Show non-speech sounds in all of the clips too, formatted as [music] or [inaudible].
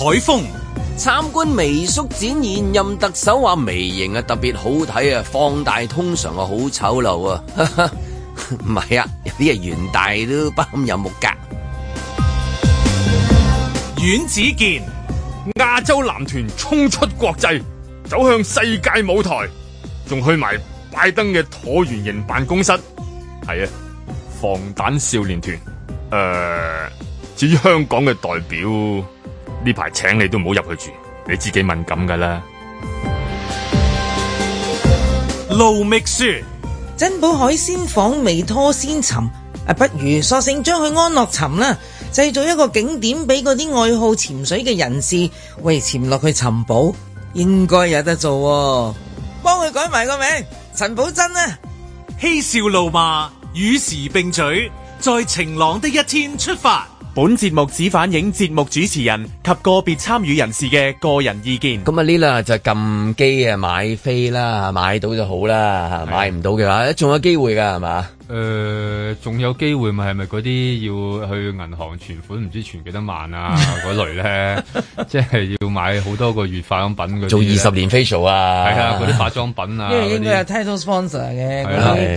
海風參觀微縮展，現任特首話微型啊特別好睇啊，放大通常啊好醜陋啊，唔係 [laughs] 啊，有啲係元大都不堪入目格。阮子健亞洲男團衝出國際走向世界舞台，仲去埋拜登嘅橢圓形辦公室。係啊，防彈少年團。誒、呃，至於香港嘅代表。呢排請你都唔好入去住，你自己敏感噶啦。盧覓雪，珍寶海鮮舫未拖先沉，啊，不如索性將佢安樂沉啦，製造一個景點俾嗰啲愛好潛水嘅人士喂潛落去尋寶，應該有得做，啊。幫佢改埋個名，陳寶珍啊，嬉笑怒罵，與時並取，在晴朗的一天出發。本節目只反映節目主持人及個別參與人士嘅個人意見。咁啊、嗯，呢啦就撳機啊，買飛啦，買到就好啦，的買唔到嘅話，仲有機會㗎，係嘛？誒，仲有機會咪係咪嗰啲要去銀行存款，唔知存幾多萬啊？嗰類咧，即係要買好多個月化妝品，做二十年 facial 啊，係啊，嗰啲化妝品啊，因為應該係 title sponsor 嘅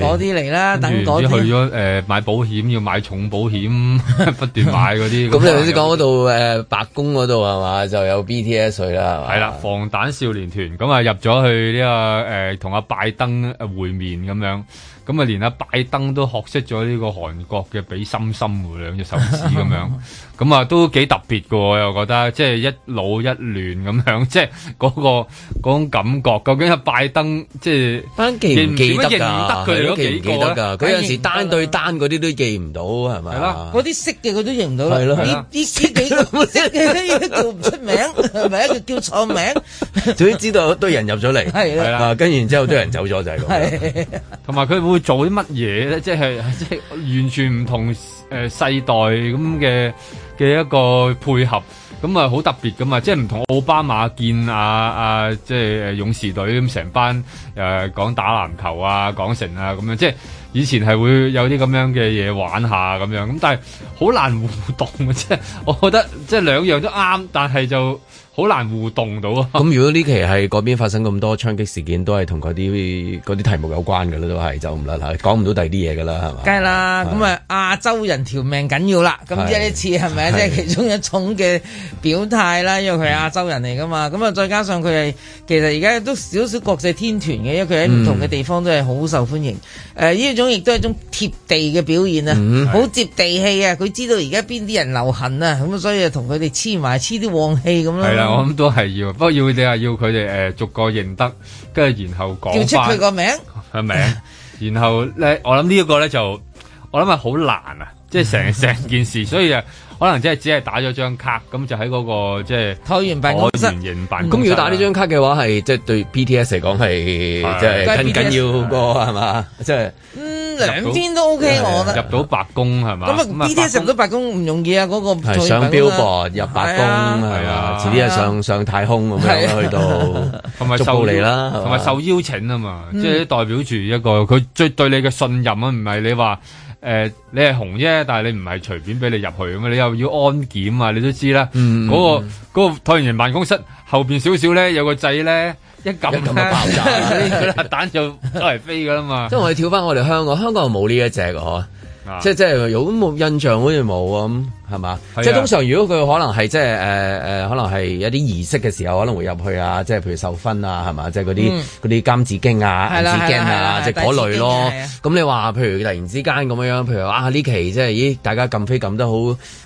嗰啲嚟啦。等於去咗誒，買保險，要買重保險，不斷買嗰啲。咁你先講嗰度誒白宮嗰度係嘛，就有 BTS 啦，係嘛。係啦，防彈少年團咁啊入咗去呢個誒同阿拜登會面咁樣。咁啊，連阿拜登都學識咗呢個韓國嘅比心心，兩隻手指咁樣，咁啊都幾特別㗎，我又覺得，即係一老一攣咁樣，即係嗰個嗰種感覺。究竟阿拜登即係認唔記得㗎？記唔記得㗎？佢有時單對單嗰啲都記唔到，係咪啊？嗰啲識嘅佢都認唔到啦。啲啲啲幾識嘅叫唔出名，係咪啊？叫錯名，總之知道一堆人入咗嚟，係啦，跟住然之後堆人走咗就係咁。同埋佢會做啲乜嘢咧？即係即係完全唔同誒，世代咁嘅嘅一個配合咁啊，好特別噶嘛。即係唔同奧巴馬見阿、啊、阿、啊、即係誒勇士隊咁成班誒講、啊、打籃球啊，講成啊咁樣。即係以前係會有啲咁樣嘅嘢玩下咁樣咁，但係好難互動嘅。即係我覺得即係兩樣都啱，但係就。好難互動到啊！咁如果呢期係嗰邊發生咁多槍擊事件，都係同嗰啲嗰啲題目有關噶啦，都係就唔甩吓，講唔到第二啲嘢噶啦，係嘛？梗係啦，咁啊亞洲人條命緊要啦，咁即係呢次係咪即係其中一種嘅表態啦？因為佢係亞洲人嚟噶嘛，咁啊再加上佢係其實而家都少少國際天團嘅，因為佢喺唔同嘅地方都係好受歡迎。誒呢、嗯呃、種亦都係一種貼地嘅表現啊，好、嗯、接地氣啊！佢知道而家邊啲人流行啊，咁啊所以就同佢哋黐埋黐啲旺氣咁咯。的嗯、 [noise] 我諗都係要，不過要你話要佢哋誒逐個認得，跟住然後講翻。叫出佢個名，個名。然後咧，我諗呢個咧就我諗係好難啊，即係成成件事，所以啊。可能即係只係打咗張卡，咁就喺嗰個即係推完辦個原型辦。咁如果打呢張卡嘅話，係即係對 BTS 嚟講係即係咁緊要過係嘛？即係嗯兩邊都 OK，我覺得入到白宮係嘛？咁啊，BTS 入到白宮唔容易啊！嗰個上標榜入白宮係啊，遲啲又上上太空咁樣去到，同咪？受嚟啦，同埋受邀請啊嘛，即係代表住一個佢最對你嘅信任啊，唔係你話。誒、呃，你係紅啫，但係你唔係隨便俾你入去嘅嘛，你又要安檢啊，你都知啦。嗰、嗯嗯那個嗰、那個泰辦公室後邊少少咧，有個掣咧，一撳就爆炸啦，核彈 [laughs] 就都係飛嘅啦嘛。 [laughs] 即係我哋跳翻我哋香港，香港係冇呢一隻嘅、啊、即係即係，我冇印象好似冇咁。係嘛？吧即係通常如果佢可能係即係誒誒，可能係一啲儀式嘅時候可能會入去啊，即係譬如授勳、嗯、啊，係嘛、啊？即係嗰啲嗰啲《金紙經》啊，《紙經》啊，即係嗰類咯。咁你話譬如突然之間咁樣，譬如啊呢期即係咦，大家撳飛撳得好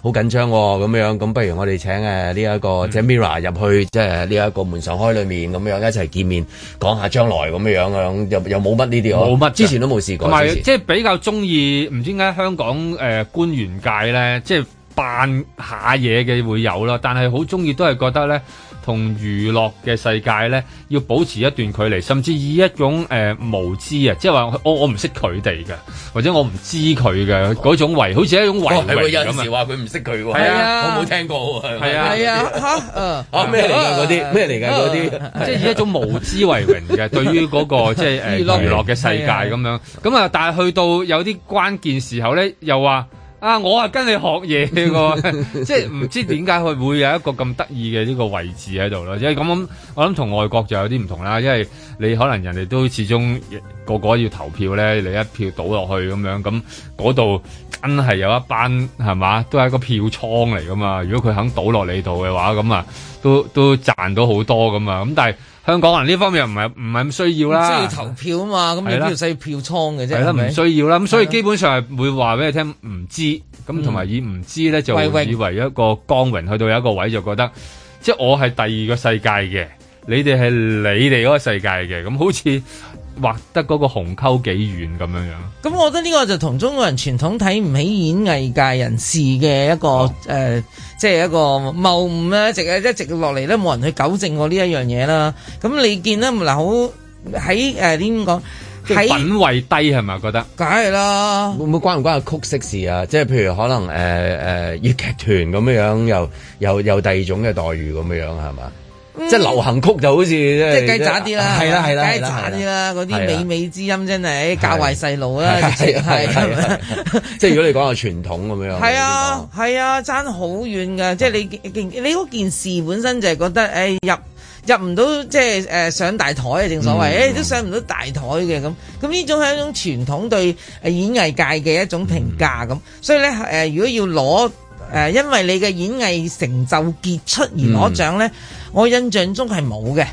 好緊張喎、哦，咁樣咁不如我哋請誒呢一個即係 Mirror 入去，即係呢一個門常開裡面咁樣一齊見面，講下將來咁樣樣，又又冇乜呢啲，冇乜，我之前都冇試過。即係有其實 比較中意，唔知點解香港誒、呃、官員界咧，即係。扮下嘢嘅會有啦，但係好中意都係覺得咧，同娛樂嘅世界咧要保持一段距離，甚至以一種誒無知啊，即係話我我唔識佢哋嘅，或者我唔知佢嘅嗰種為，好似一種為榮咁啊！有陣時話佢唔識佢喎，係啊，我冇聽過喎，係啊，嚇啊咩嚟㗎？嗰啲咩嚟㗎？嗰啲，即係以一種無知為榮嘅，對於嗰個即係誒娛樂嘅世界咁樣咁啊！但係去到有啲關鍵時候咧，又話。啊！我係跟你學嘢個、啊， [laughs] 即係唔知點解佢會有一個咁得意嘅呢個位置喺度咯，即係咁。我諗同外國就有啲唔同啦，因為你可能人哋都始終個個要投票咧，你一票倒落去咁樣咁，嗰度真係有一班係嘛，都係一個票倉嚟噶嘛。如果佢肯倒落你度嘅話，咁啊都都賺到好多咁啊。咁但係。香港人呢方面又唔係唔係咁需要啦，即係投票啊嘛，咁你其實的要票倉嘅啫，唔需要啦，咁的所以基本上係會話俾你聽唔知，咁同埋以唔知咧就以為一個光榮，去到有一個位就覺得，即係我係第二個世界嘅，你哋係你哋嗰個世界嘅，咁好似。畫得嗰個鴻溝幾遠咁樣樣，咁我覺得呢個就同中國人傳統睇唔起演藝界人士嘅一個誒、哦呃，即係一個謬誤咧，直啊一直落嚟咧，冇人去糾正過呢一樣嘢啦。咁你見得嗱好喺誒點講，呃、品位低係咪？覺得梗係啦，會唔會關唔關個曲式事啊？即係譬如可能誒誒粵劇團咁樣樣，又又有第二種嘅待遇咁樣樣，係嘛？即係流行曲就好似即係雞雜啲啦，係啦係啦雞雜啲啦，嗰啲美美之音真係教壞細路啦，係即係如果你講下傳統咁樣，係啊係啊，爭好遠㗎。即係你件你件事本身就係覺得誒入入唔到即係誒上大台啊，正所謂誒都上唔到大台嘅咁。咁呢種係一種傳統對演藝界嘅一種評價咁。所以咧誒，如果要攞。誒，因為你嘅演藝成就傑出而攞獎咧，嗯、我印象中係冇嘅。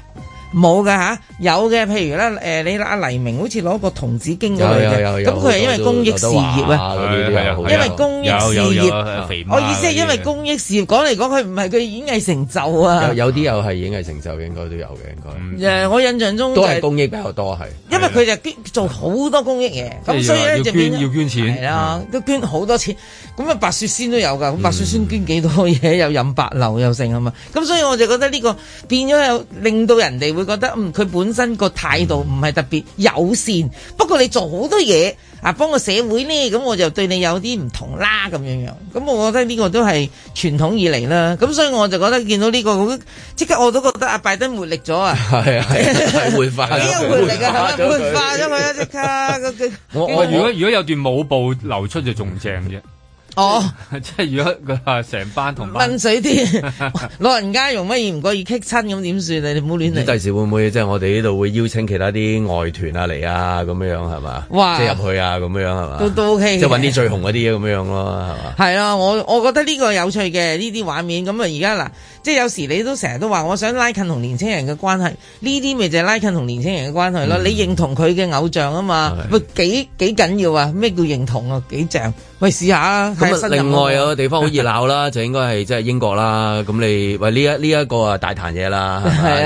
冇㗎吓，有嘅，譬如咧，誒，你阿黎明好似攞個童子經過嚟嘅，咁佢係因為公益事業啊，因為公益事業，我意思係因為公益事業，講嚟講去唔係佢演藝成就啊，有啲又係演藝成就，應該都有嘅，應該，誒，我印象中都係公益比較多係，因為佢就捐做好多公益嘢，咁所以咧就變要捐錢，係啊，都捐好多錢，咁啊白雪仙都有㗎，咁白雪仙捐幾多嘢又飲白流又剩啊嘛，咁所以我就覺得呢個變咗有令到人哋會。覺得嗯，佢本身個態度唔係特別、嗯、友善，不過你做好多嘢啊，幫個社會呢，咁我就對你有啲唔同啦咁樣樣。咁我覺得呢個都係傳統以嚟啦。咁所以我就覺得見到呢、呢個即刻，我都覺得阿拜登活力咗啊！係啊， [laughs] 煥發，點樣活力啊？煥發咗佢啦，即刻。我我如果 [laughs] 如果有段舞步流出就仲正嘅。哦，即係 [laughs] 如果佢話成班同班，溫水啲老人家用乜嘢唔可意激親咁點算？你哋唔好亂嚟。咁第時會唔會即係、就是、我哋呢度會邀請其他啲外團啊嚟啊咁樣樣係嘛？哇即係入去啊咁樣樣係嘛？都都 OK。即係搵啲最紅嗰啲嘢咁樣樣咯，係嘛？係啊，我我覺得呢個有趣嘅呢啲畫面咁啊，而家嗱。呃即係有時你都成日都話我想拉近同年青人嘅關係，呢啲咪就係拉近同年青人嘅關係咯。嗯、你認同佢嘅偶像啊嘛？喂的，幾幾緊要啊？咩叫認同啊？幾正？喂，試下看看啊！咁啊，另外有個地方好熱鬧啦， [laughs] 就應該係即係英國啦。咁你喂呢一呢一,一個啊大談嘢啦，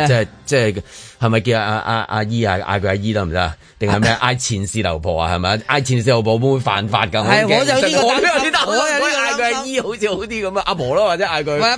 即係。的即係係咪叫阿阿阿姨啊？嗌佢阿姨得唔得？定係咩嗌前事頭婆啊？係咪嗌前事頭婆會犯法㗎？我有啲我邊有啲得，我有啲嗌佢阿姨好似好啲咁啊！阿婆咯，或者嗌佢，嗌阿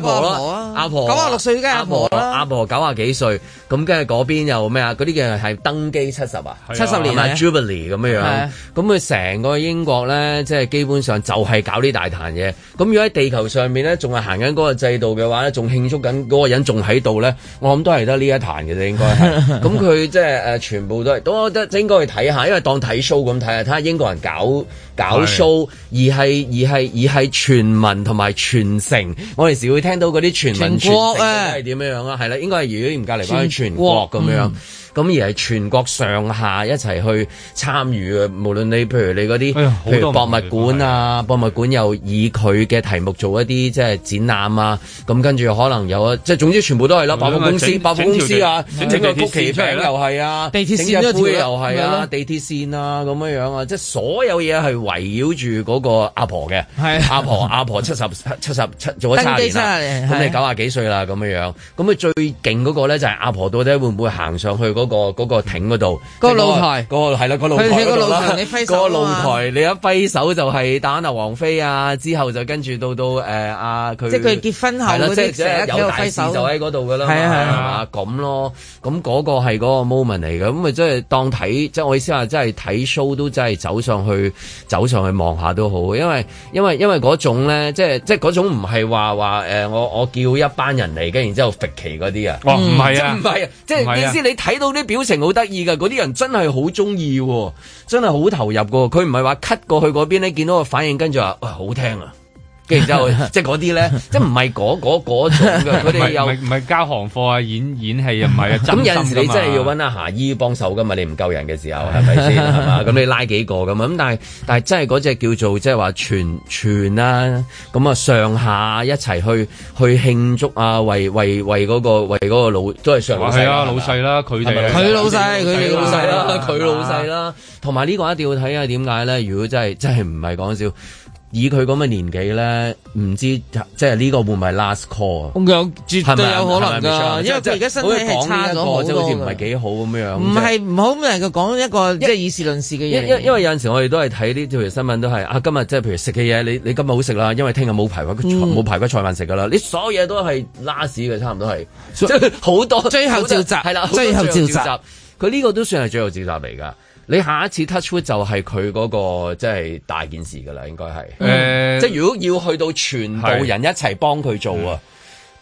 婆咯，阿婆。九啊六歲，阿婆啦，阿婆九啊幾歲？咁跟住嗰邊又咩啊？嗰啲嘅係登基七十啊，七十年代 Jubilee 咁樣樣。咁佢成個英國咧，即係基本上就係搞呢大壇嘢。咁如果喺地球上面咧，仲係行緊嗰個制度嘅話咧，仲慶祝緊嗰個人仲喺度咧，我諗係得呢一壇嘅啫，應該係。咁佢即係誒，全部都係，我覺得應該去睇下，因為當睇 show 咁睇下，睇下英國人搞搞 show，的而係而係而係全民同埋全城。我哋時會聽到嗰啲全民、全城係點樣樣啊？係啦，應該係如果唔隔離翻去全國咁樣。咁而係全國上下一齊去參與啊，無論你譬如你啲，譬如博物館啊，博物館又以佢嘅題目做一啲即係展覽啊。咁跟住可能有啊，即係總之全部都係啦。百貨公司、百貨公司啊，整個屋企出嚟又係啊，地鐵綫又係啊，地鐵綫啊，咁樣樣啊，即係所有嘢係圍繞住個阿婆嘅。阿婆，阿婆七十七十七做咗七年啦，咁你九廿幾歲啦，咁樣樣，咁佢最勁個咧就係阿婆到底會唔會行上去嗰？嗰個嗰個艇嗰度，個露台，嗰個係啦，嗰個嗰個露台，去睇個，啊、個露台，你揮手啊個露台你一揮手就係打下王菲啊，之後就跟住到到誒阿佢，呃啊、即係佢結婚後嗰啲，係啦，即係有大事就喺嗰度噶啦，係啊係啊，咁咯，咁嗰個係嗰個 moment 嚟嘅，咁咪即係當睇，即、就、係、是、我意思話，即係睇 show 都真係走上去，走上去望下都好，因為因為因為嗰種咧，即係即係嗰種唔係話話誒，我、呃、我叫一班人嚟，跟然之後復旗嗰啲啊，哦唔係啊，唔係啊，即係意思你睇到。啲表情好得意噶，嗰啲人真係好中意，真係好投入噶。佢唔係話 cut 過去邊咧，見到個反應，跟住話哇好聽啊！跟住就即係嗰啲咧，即係唔係嗰嗰嗰種嘅，佢哋又唔係交行貨啊，演演戲啊，唔係啊，咁有陣時你真係要揾阿霞姨幫手噶嘛，你唔夠人嘅時候，係咪先？咁你拉幾個咁，咁但係但係真係嗰隻叫做即係話全全啦，咁啊上下一齊去去慶祝啊，為為為嗰個為嗰個老都係上話係啊老細啦，佢哋佢老細，佢哋老細啦，佢老細啦，同埋呢個一定要睇下點解咧？如果真係真係唔係講笑。以佢咁嘅年紀咧，唔知即係呢個會唔係 last call 啊？咁有絕對有可能㗎，因為佢而家身體係差咗好似唔係幾好咁樣。唔係唔好咁嚟講一個即係以事論事嘅嘢。因因為有陣時我哋都係睇啲譬如新聞都係啊，今日即係譬如食嘅嘢，你你今日好食啦，因為聽日冇排骨冇排骨菜飯食㗎啦，你所有嘢都係 last 嘅，差唔多係。即係好多最後召集係啦，最後召集佢呢個都算係最後召集嚟㗎。你下一次 TouchWood 就係佢嗰個即係大件事㗎啦，應該係，嗯嗯、即係如果要去到全部人一齊幫佢做啊！的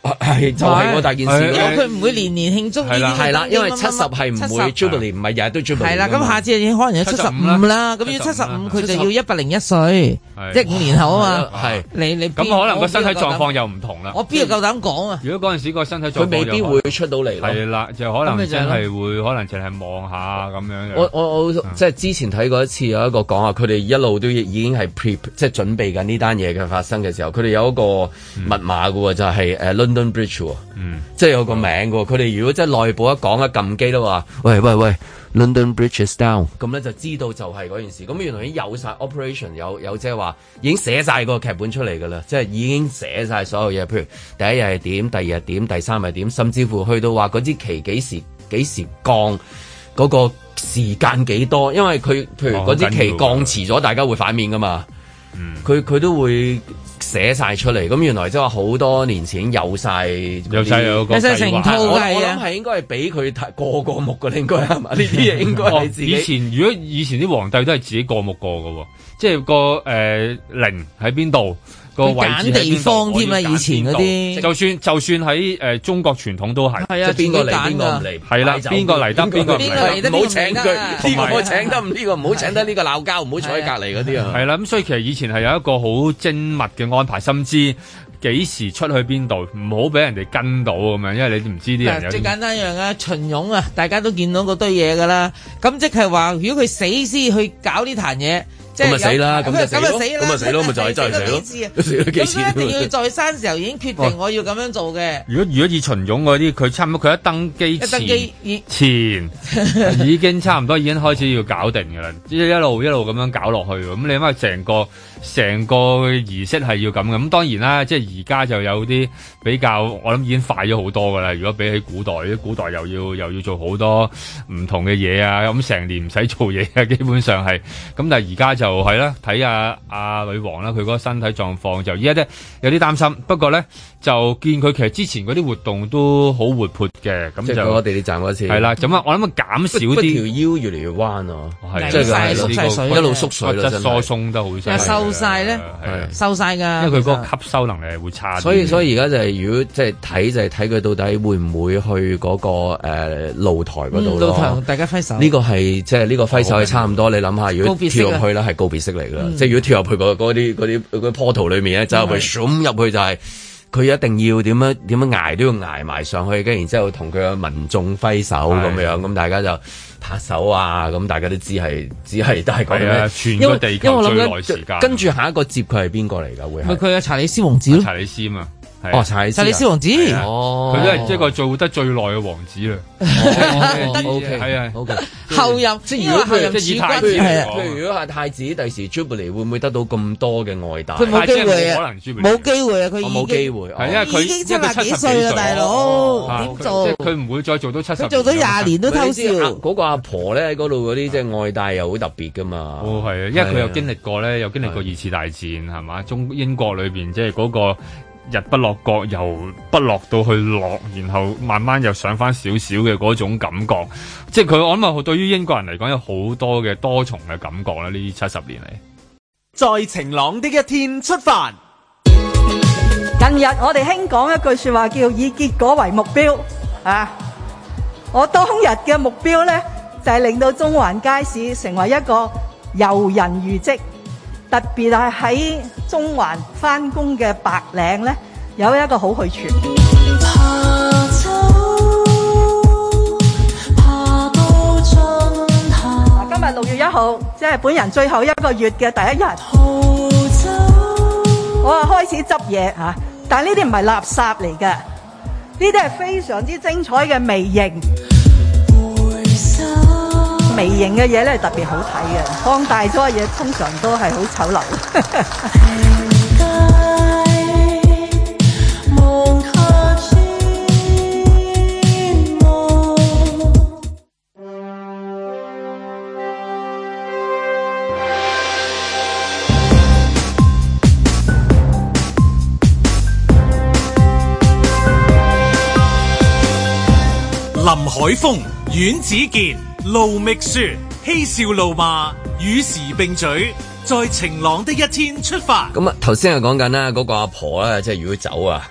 就係我大件事。因為佢唔會年年慶祝。係啦，係啦，因為七十係唔會 jubilee 唔係日日都 jubilee 係啦，咁下次可能有七十五啦，咁要七十五佢就要一百零一歲，即五年後啊嘛。係你你咁可能個身體狀況又唔同啦。我邊度夠膽講啊？如果嗰陣時個身體，佢未必會出到嚟。係啦，就可能真係會，可能淨係望下咁樣。我我我即係之前睇過一次，有一個講話，佢哋一路都已經係 pre 即係準備緊呢單嘢嘅發生嘅時候，佢哋有一個密碼噶就係誒 London Bridge 喎，嗯，即係有個名嘅。佢哋、嗯、如果即係內部一講一撳機都話喂喂喂，London Bridge is down，咁咧就知道就係嗰件事。咁、嗯、原來已經有晒 operation，有有即係話已經寫晒個劇本出嚟噶啦，即係已經寫晒所有嘢。譬如第一日係點，第二日點，第三日係點，甚至乎去到話嗰支旗幾時幾時降，嗰、嗰個時間幾多，因為佢譬如嗰支旗降遲咗，大家會反面噶嘛。佢佢、嗯、都會。寫晒出嚟，咁原來即係話好多年前有晒有晒有個，有晒成套、啊、我諗係應該係俾佢睇過過目嘅，你應該係嘛？呢啲嘢應該係、哦、以前如果以前啲皇帝都係自己過目過嘅，即係、個誒靈喺邊度？呃個位置地方添啊，以前嗰啲就算就算喺誒中國傳統都係，即係邊個嚟邊個唔嚟，係啦，邊個嚟得邊個唔嚟，唔好請得呢個，唔好請得呢個鬧交，唔好坐喺隔離嗰啲啊。係啦，咁所以其實以前係有一個好精密嘅安排，甚至幾時出去邊度，唔好俾人哋跟到咁樣，因為你唔知啲人有。最簡單一樣啊，秦勇啊，大家都見到嗰堆嘢噶啦，咁即係話，如果佢死先去搞呢壇嘢。咁咪死啦！咁咪死咯！咁咪死咯！咪就係真係死咯！死咗幾次？一定要再生時候，已經決定我要咁樣做嘅。如果如果以秦俑嗰啲，佢差唔多佢一登基前已經差唔多已經開始要搞定嘅啦，即係一路一路咁樣搞落去。咁你諗下成個成個儀式係要咁嘅，咁當然啦，即係而家就有啲比較，我諗已經快咗好多㗎啦。如果比起古代，啲古代又要又要做好多唔同嘅嘢啊，咁成年唔使做嘢啊，基本上係、啊。咁但係而家就係、是、啦，睇下阿女王啦，佢嗰個身體狀況就而家都有啲擔心。不過咧就見佢其實之前嗰啲活動都好活潑嘅，咁就即係嗰個地鐵站嗰次係啦。咁啊，我諗啊減少啲條腰越嚟越彎啊，係即係縮細一路縮水啦，疏鬆得好犀。曬咧，係收晒噶，因為佢嗰個吸收能力係會差啲。所以所以而家就係、是、如果即係睇就係睇佢到底會唔會去嗰、那個、呃、露台嗰度。露台，大家揮手。呢個係即係呢個揮手係差唔多。哦、你諗下，如果跳入去啦，係告別式嚟噶，即係如果跳入去個嗰啲嗰啲嗰個 portal 裡面咧，就入去闖入去就係、是。.佢一定要點樣點樣挨都要挨埋上去，然跟然之後同佢嘅民眾揮手咁的樣，咁大家就拍手啊！咁大家知知都知係，只係都係講咩？全個地球最耐時間。跟住下一個接佢係邊個嚟㗎？會係佢啊，查理斯王子。查理斯啊嘛。哦，就係就係查理斯王子，哦，佢都係即係個做得最耐嘅王子啦。O K，係啊，後任即係如果後任即係太子，係啊。譬如如果係太子，第時出嚟會唔會得到咁多嘅外帶？佢冇機會啊，冇機會啊，佢冇機會。係因為佢已經七十幾歲嘅大佬，點做？即係佢唔會再做到七十。佢做到廿年都偷笑。嗰個阿婆咧，喺嗰度嗰啲即係外帶又好特別噶嘛。哦，係啊，因為佢有經歷過咧，有經歷過二次大戰係嘛？中英國裏邊即係嗰個。日不落國由不落到去落，然後慢慢又上翻少少嘅嗰種感覺，即係佢我諗啊，對於英國人嚟講有好多嘅多重嘅感覺啦，呢七十年嚟。在晴朗的一天出發。近日我哋興講一句說話叫以結果為目標啊！我當日嘅目標咧就係、是、令到中環街市成為一個遊人如織。特別係喺中環返工嘅白領呢，有一個好去處。嗱，今日六月一號，即係本人最後一個月嘅第一日。州我啊開始執嘢，但係呢啲唔係垃圾嚟嘅，呢啲係非常之精彩嘅微型。微型嘅嘢，咧特別好睇嘅，放大咗嘅嘢通常都係好醜陋。 [laughs] 林海峰、阮子健。盧覓雪嬉笑怒罵與時並舉，在晴朗的一天出發。咁啊，頭先又講緊啦，嗰個阿婆咧，即係如果走啊。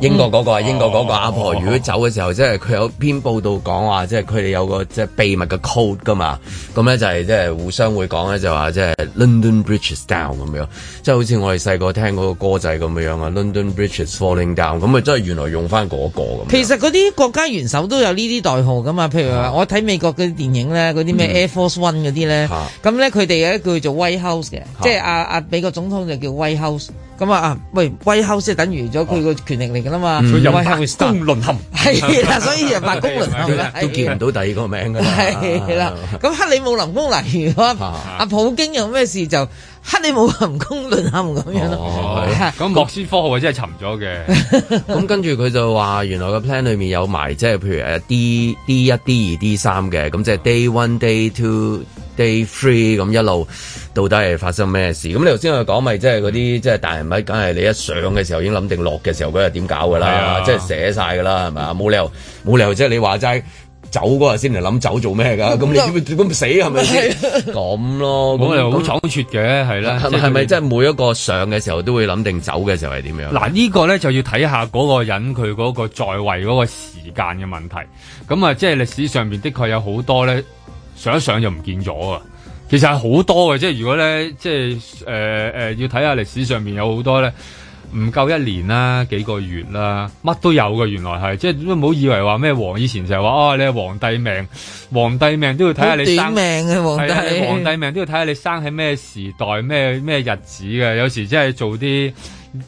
英國嗰個啊，英國嗰、那個阿、哦、婆，如果走嘅時候，哦、即係佢有篇報道講話，即係佢哋有個即係秘密嘅 code 噶嘛。咁咧就係即係互相會講咧，就話、是、即係 London Bridges Down 咁樣，即係好似我哋細個聽嗰個歌仔咁樣啊。London Bridges Falling Down，咁啊真係原來用翻嗰個咁。其實嗰啲國家元首都有呢啲代號噶嘛。譬如話，我睇美國嗰啲電影咧，嗰啲咩 Air、嗯、Force One 嗰啲咧，咁咧佢哋有一句叫做 White House 嘅，啊、即係阿阿美國總統就叫 White House。咁啊，喂，White House 即係等於咗佢個權力嚟噶啦嘛。White House 公淪陷，係啦，所以就白宮淪陷啦，都叫唔到第二個名噶啦，係啦，咁克里姆林宮嚟，如果阿普京有咩事就克里姆林宮淪陷咁樣咯，咁莫斯科號真係沉咗嘅，咁跟住佢就話原來個 plan 裏面有埋，即係譬如誒 D D 一 D 二 D 三嘅，咁即係 day one day two，Day three 咁一路到底係發生咩事？咁你頭先佢講咪即係嗰啲即係大人物，梗係你一上嘅時候已經諗定落嘅時候佢係點搞噶啦，即係寫晒噶啦，係咪啊？冇理由冇理由，即係你話齋走嗰日先嚟諗走做咩噶？咁你點會咁死？係咪先咁咯？我又好倉促嘅，係咧，係咪即係每一個上嘅時候都會諗定走嘅時候係點樣？嗱，呢個咧就要睇下嗰個人佢嗰個在位嗰個時間嘅問題。咁啊，即係歷史上面的確有好多咧。想一上就唔見咗啊！其實係好多嘅，即係如果咧，即係誒誒，要睇下歷史上面有好多咧，唔夠一年啦，幾個月啦，乜都有嘅。原來係，即係都唔好以為話咩皇以前就係話啊，你係皇帝命，皇帝命都要睇下你生命嘅、啊、皇帝，皇帝命都要睇下你生喺咩時代、咩咩日子嘅。有時即係做啲。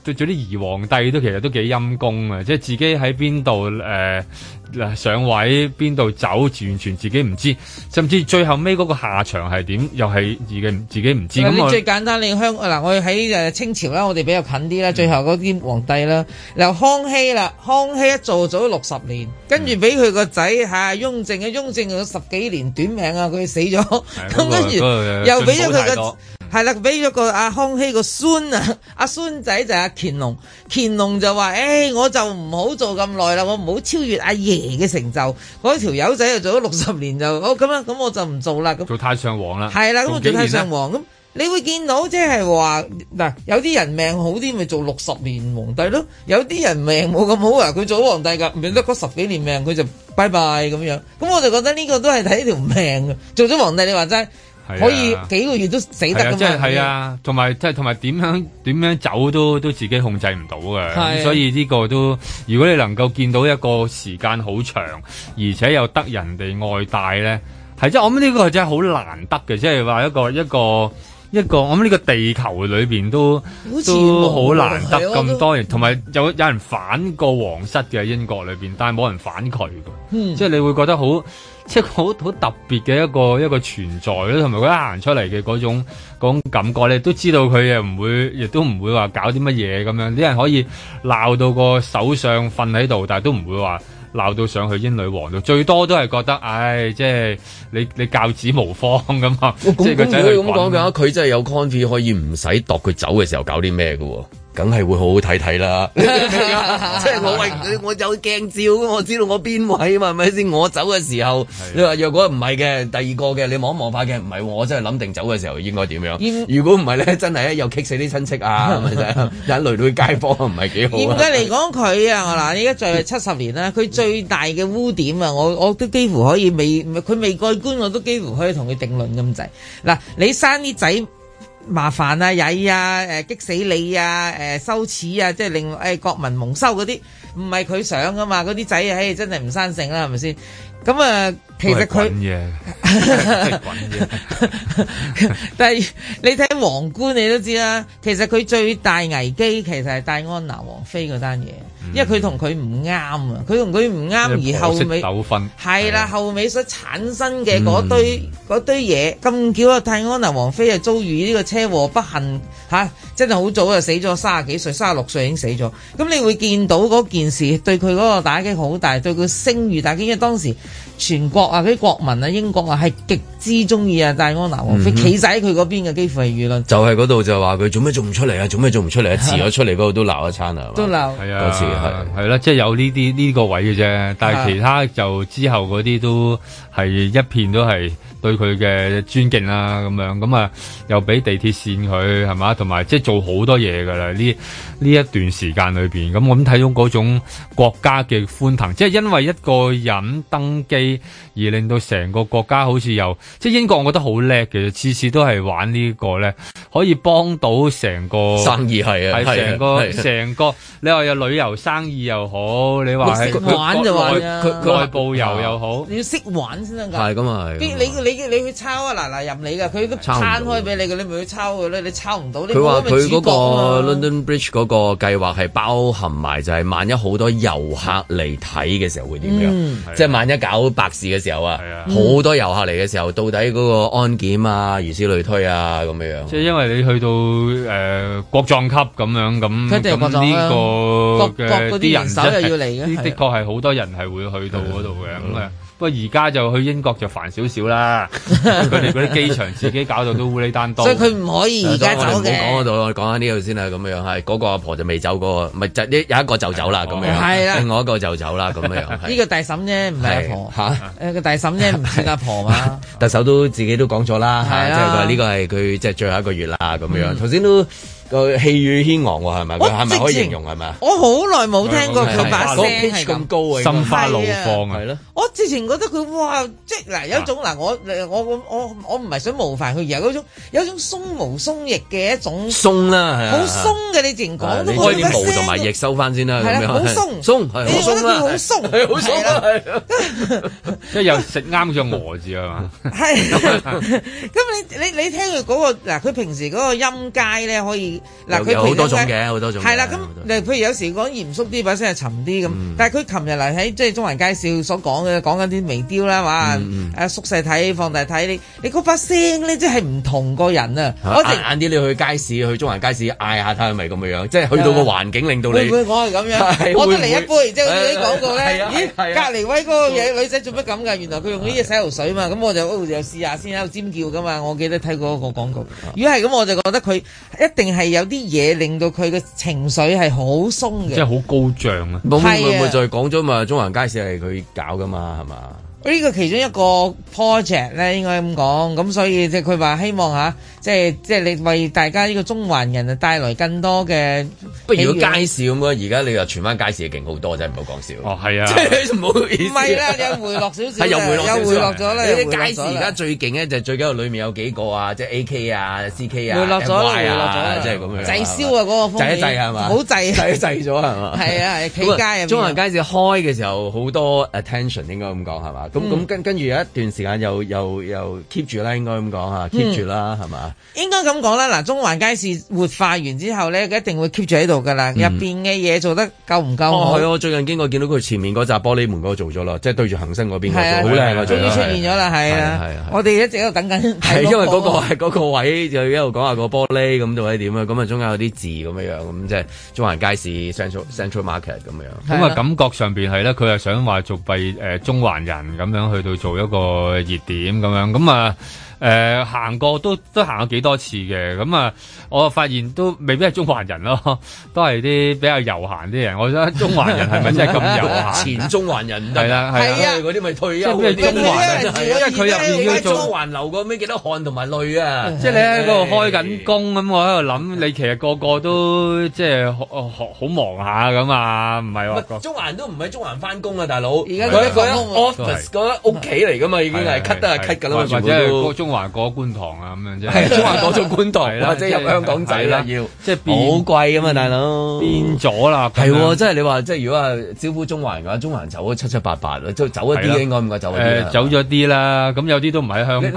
對住啲兒皇帝都其實都幾陰功啊！即係自己喺邊度誒上位，邊度走，完全自己唔知，甚至最後尾嗰個下場係點，又係自己自己唔知。咁、嗯、最簡單，你香嗱、呃、我哋喺誒清朝啦，我哋比較近啲啦，最後嗰啲皇帝啦，嗱康熙啦，康熙一做咗六十年，跟住俾佢個仔吓雍正啊，雍正嗰十幾年短命啊，佢死咗，咁跟住又俾咗佢個。 [laughs] 後係啦，俾咗個阿、啊、康熙個孫啊，阿孫仔就阿、啊、乾隆，乾隆就話，誒、欸，我就唔好做咁耐啦，我唔好超越阿爺嘅成就。嗰條友仔就做咗六十年就，我、哦、咁樣，咁我就唔做啦。咁做太上皇啦，係啦，咁我做太上皇。咁你會見到即係話，嗱，有啲人命好啲，咪做六十年皇帝咯；有啲人命冇咁好啊，佢做咗皇帝噶，咪得嗰十幾年命，佢就拜拜咁樣。咁我就覺得呢個都係睇條命啊！做咗皇帝你，你話齋。可以幾個月都死得㗎嘛，即係係啊，同埋即係同埋點樣點樣走都都自己控制唔到嘅。啊、所以呢個都如果你能夠見到一個時間好長，而且又得人哋愛戴咧，係即係我諗呢個真係好難得嘅，即係話一個一個一個我諗呢個地球裏邊都都好難得咁多人，同埋、啊、有有人反過皇室嘅英國裏邊，但係冇人反佢嘅。即係、嗯、你會覺得好。即係好好特別嘅一個一個存在咯，同埋佢行出嚟嘅嗰種嗰種感覺咧，你都知道佢又唔會，亦都唔會話搞啲乜嘢咁樣。啲人可以鬧到個首相瞓喺度，但係都唔會話鬧到上去英女王度。最多都係覺得，唉，即係你你教子無方咁啊！哦、即係佢真係咁講嘅話，佢真係有 conflict 可以唔使度佢走嘅時候搞啲咩嘅喎。梗係會好好睇睇啦，即係我為我有鏡照，我知道我邊位嘛，係咪先？我走嘅時候。你話的若果唔係嘅，第二個嘅，你望一望快鏡，唔係我真係諗定走嘅時候應該點樣？如果唔係咧，真係又激死啲親戚 [laughs] 啊，咪就一類類街坊，唔係幾好。嚴格嚟講佢啊？嗱，依家再七十年啦，佢最大嘅污點啊，我我都幾乎可以未，佢未蓋棺，我都幾乎可以同佢定論咁滯。嗱，啊，你生啲仔。麻煩啊，曳啊，誒、呃、激死你啊，誒、呃、羞恥啊，即係令誒、哎、國民蒙羞嗰啲，唔係佢想噶嘛，嗰啲仔啊，嘿、哎、真係唔生性啦，係咪先？咁啊、嗯，其實佢，嘢，嘢。 [laughs] [laughs] [laughs] 但係你睇王冠你都知啦，其實佢最大危機其實係戴安娜王妃嗰單嘢，因為佢同佢唔啱啊，佢同佢唔啱，而後尾糾紛係啦，後尾所產生嘅嗰堆、嗯、堆嘢，咁巧啊，戴安娜王妃就遭遇呢個車禍不幸嚇。真係好早就死咗，三十幾歲，三十六歲已經死咗。咁你會見到嗰件事對佢嗰個打擊好大，對佢聲譽打擊，因為當時。全國啊，嗰啲國民啊，英國啊，係極之中意啊。戴安娜王妃企晒喺佢嗰邊嘅幾乎係輿論，就係嗰度就話佢做咩做唔出嚟啊？做咩做唔出嚟啊？遲咗出嚟嗰度都鬧一餐啊，都鬧係罵啊，嗰次係係啦，即係、啊啊就是、有呢啲呢個位嘅啫。但係其他就之後嗰啲都係一片都係對佢嘅尊敬啦。咁樣咁啊，又俾地鐵線佢係嘛，同埋即係做好多嘢㗎啦呢。呢一段時間裏邊，咁我咁睇到嗰種國家嘅歡騰，即係因為一個人登基而令到成個國家好似又，即係英國我覺得好叻嘅，次次都係玩呢個咧，可以幫到成個生意係啊，係成個成個你話有旅遊生意又好，你話係玩就玩啊，佢內部遊又好，你要識玩先得㗎。係咁啊你你你去抄啊，嗱嗱任你㗎，佢都撐開俾你嘅，你咪去抄佢咧，你抄唔到。佢話佢嗰個 London Bridge 個計劃係包含埋就係萬一好多遊客嚟睇嘅時候會點樣、嗯？即係萬一搞白事嘅時候啊、嗯，好多遊客嚟嘅時候，到底嗰個安檢啊，如此類推啊，咁樣樣。即係因為你去到誒、呃、國葬級咁樣咁，呢樣、呢個國國嗰啲人手又要嚟嘅，的確係好多人係會去到嗰度嘅咁啊。不過而家就去英國就煩少少啦，佢哋嗰啲機場自己搞到都烏哩單刀。所以佢唔可以而家走嘅。講嗰度，我講下呢度先啦，咁樣係嗰個阿婆就未走過，唔係就一有一個就走啦，咁樣係啦，另一個就走啦，咁樣。呢個大嬸啫，唔係阿婆嚇。誒個大嬸啫，唔算阿婆嘛。特首都自己都講咗啦，即係佢話呢個係佢即係最後一個月啦，咁樣。頭先都。個氣宇軒昂喎，係咪？係咪可以形容係咪？我好耐冇聽過佢把聲係咁高嘅，心花怒放係咯。我之前覺得佢哇，即係嗱，有一種嗱，我我我我唔係想冒犯佢，而係嗰種有種鬆毛鬆翼嘅一種鬆啦，係啊，好鬆嘅你形容。我開啲毛同埋翼收翻先啦，係啦，好鬆，鬆係好鬆啦，好鬆係好鬆啦，係啊，即係又食啱咗鵝字啊嘛。係，咁你你你聽佢嗰個嗱，佢平時嗰個音階咧可以。嗱佢好多種嘅，好多種係啦。咁誒，譬如有時講嚴肅啲把聲係沉啲咁。但係佢琴日嚟喺即係中環街市所講嘅，講緊啲微雕啦嘛。話縮細睇放大睇你，你嗰把聲咧即係唔同個人啊。晏啲你去街市去中環街市嗌下睇，係咪咁嘅樣？即係去到個環境令到你。我係咁樣，我都嚟一杯，即係嗰啲廣告咧。咦，隔離位嗰個嘢女仔做乜咁㗎？原來佢用呢隻洗頭水嘛。咁我就嗰度就試下先喺度尖叫㗎嘛。我記得睇過個廣告。如果係咁，我就覺得佢一定係。有啲嘢令到佢嘅情緒係好鬆嘅，即係好高漲啊！冇咩會唔會再講咗嘛？中環街市係佢搞噶嘛，係嘛？呢個其中一個 project 咧，應該咁講，咁所以即係佢話希望嚇，即係即係你為大家呢個中環人啊帶來更多嘅。不如個街市咁而家你又荃灣街市勁好多，真係唔好講笑。哦，係啊，即係唔好。唔係啦，有回落少少。係回落咗啦。你啲街市而家最勁咧，就最緊要裏面有幾個啊，即係 A K 啊、C K 啊、回 Y 啊，即係咁樣。滯銷啊，嗰個。滯一滯係嘛？好滯。滯咗係嘛？係啊，企街。中環街市開嘅時候好多 attention，應該咁講係嘛？咁咁跟跟住有一段時間又又又 keep 住啦，應該咁講吓，keep 住啦，係嘛？應該咁講啦。嗱，中環街市活化完之後咧，一定會 keep 住喺度噶啦。入邊嘅嘢做得夠唔夠？係啊！我最近經過見到佢前面嗰扎玻璃門嗰個做咗啦，即係對住恆生嗰邊，係啊，好靚嗰種終於出現咗啦，係啊！我哋一直喺度等緊。係因為嗰個係嗰個位，就一路講下個玻璃咁到底點啊？咁啊，中間有啲字咁樣樣咁，即係中環街市 Central Central Market 咁樣。咁啊，感覺上邊係咧，佢係想話做弊誒中環人。咁樣去到做一個熱點，咁樣咁啊。誒，行過都都行咗幾多次嘅，咁啊，我發現都未必係中環人咯，都係啲比較遊閒啲人。我覺得中環人係咪真係咁遊閒？前中環人係啦，係啊，嗰啲咪退休。即中環啊，因為佢入邊要中環流過咩幾多汗同埋淚啊！即係你喺嗰度開緊工咁，我喺度諗，你其實個個都即係好忙下咁啊，唔係話中環都唔係中環翻工啊，大佬！而家嗰一嗰一 office 嗰一屋企嚟噶嘛，已經係咳得 t 咳 c u 噶啦，全部中環過觀塘啊，咁樣啫。係中環過咗觀塘，即係入香港仔啦，要即係好貴㗎嘛，大佬。變咗啦，係，即係你話，即係如果啊招呼中環嘅話，中環走咗七七八八啦，即走一啲嘅，應該唔該，走一啲。走咗啲啦，咁有啲都唔喺香港嘅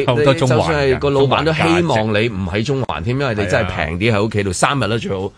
有。好多中環。就算係個老闆都希望你唔喺中環添，因為你真係平啲喺屋企度，三日咧最好，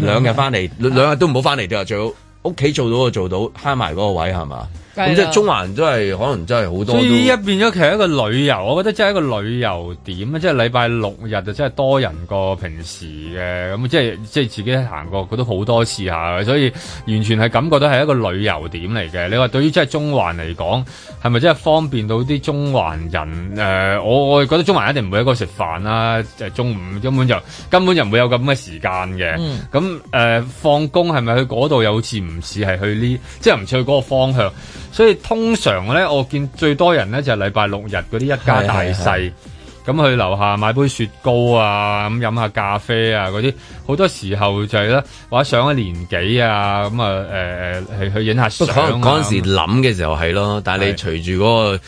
兩日翻嚟，兩日都唔好翻嚟，就話最好屋企做到就做到，慳埋嗰個位係嘛。咁即係中環都係可能真係好多，所以呢一變咗其實一個旅遊，我覺得真係一個旅遊點啊！即係禮拜六日就真係多人過平時嘅，咁即係即係自己行過，覺得好多次下，所以完全係感覺到係一個旅遊點嚟嘅。你話對於即係中環嚟講，係咪真係方便到啲中環人？誒、呃，我我覺得中環一定唔會一個食飯啦，就中午根本就根本就唔會有咁嘅時間嘅。咁誒、嗯呃、放工係咪去嗰度又好似唔似係去呢？即係唔似去嗰個方向。所以通常咧，我見最多人咧就係禮拜六日嗰啲一家大細，咁是去樓下買杯雪糕啊，咁飲下咖啡啊嗰啲，好多時候就係咧，或者上一年紀啊，咁、嗯呃、啊誒誒，係去影下相。嗰陣時諗嘅時候係咯，但係你隨住嗰個。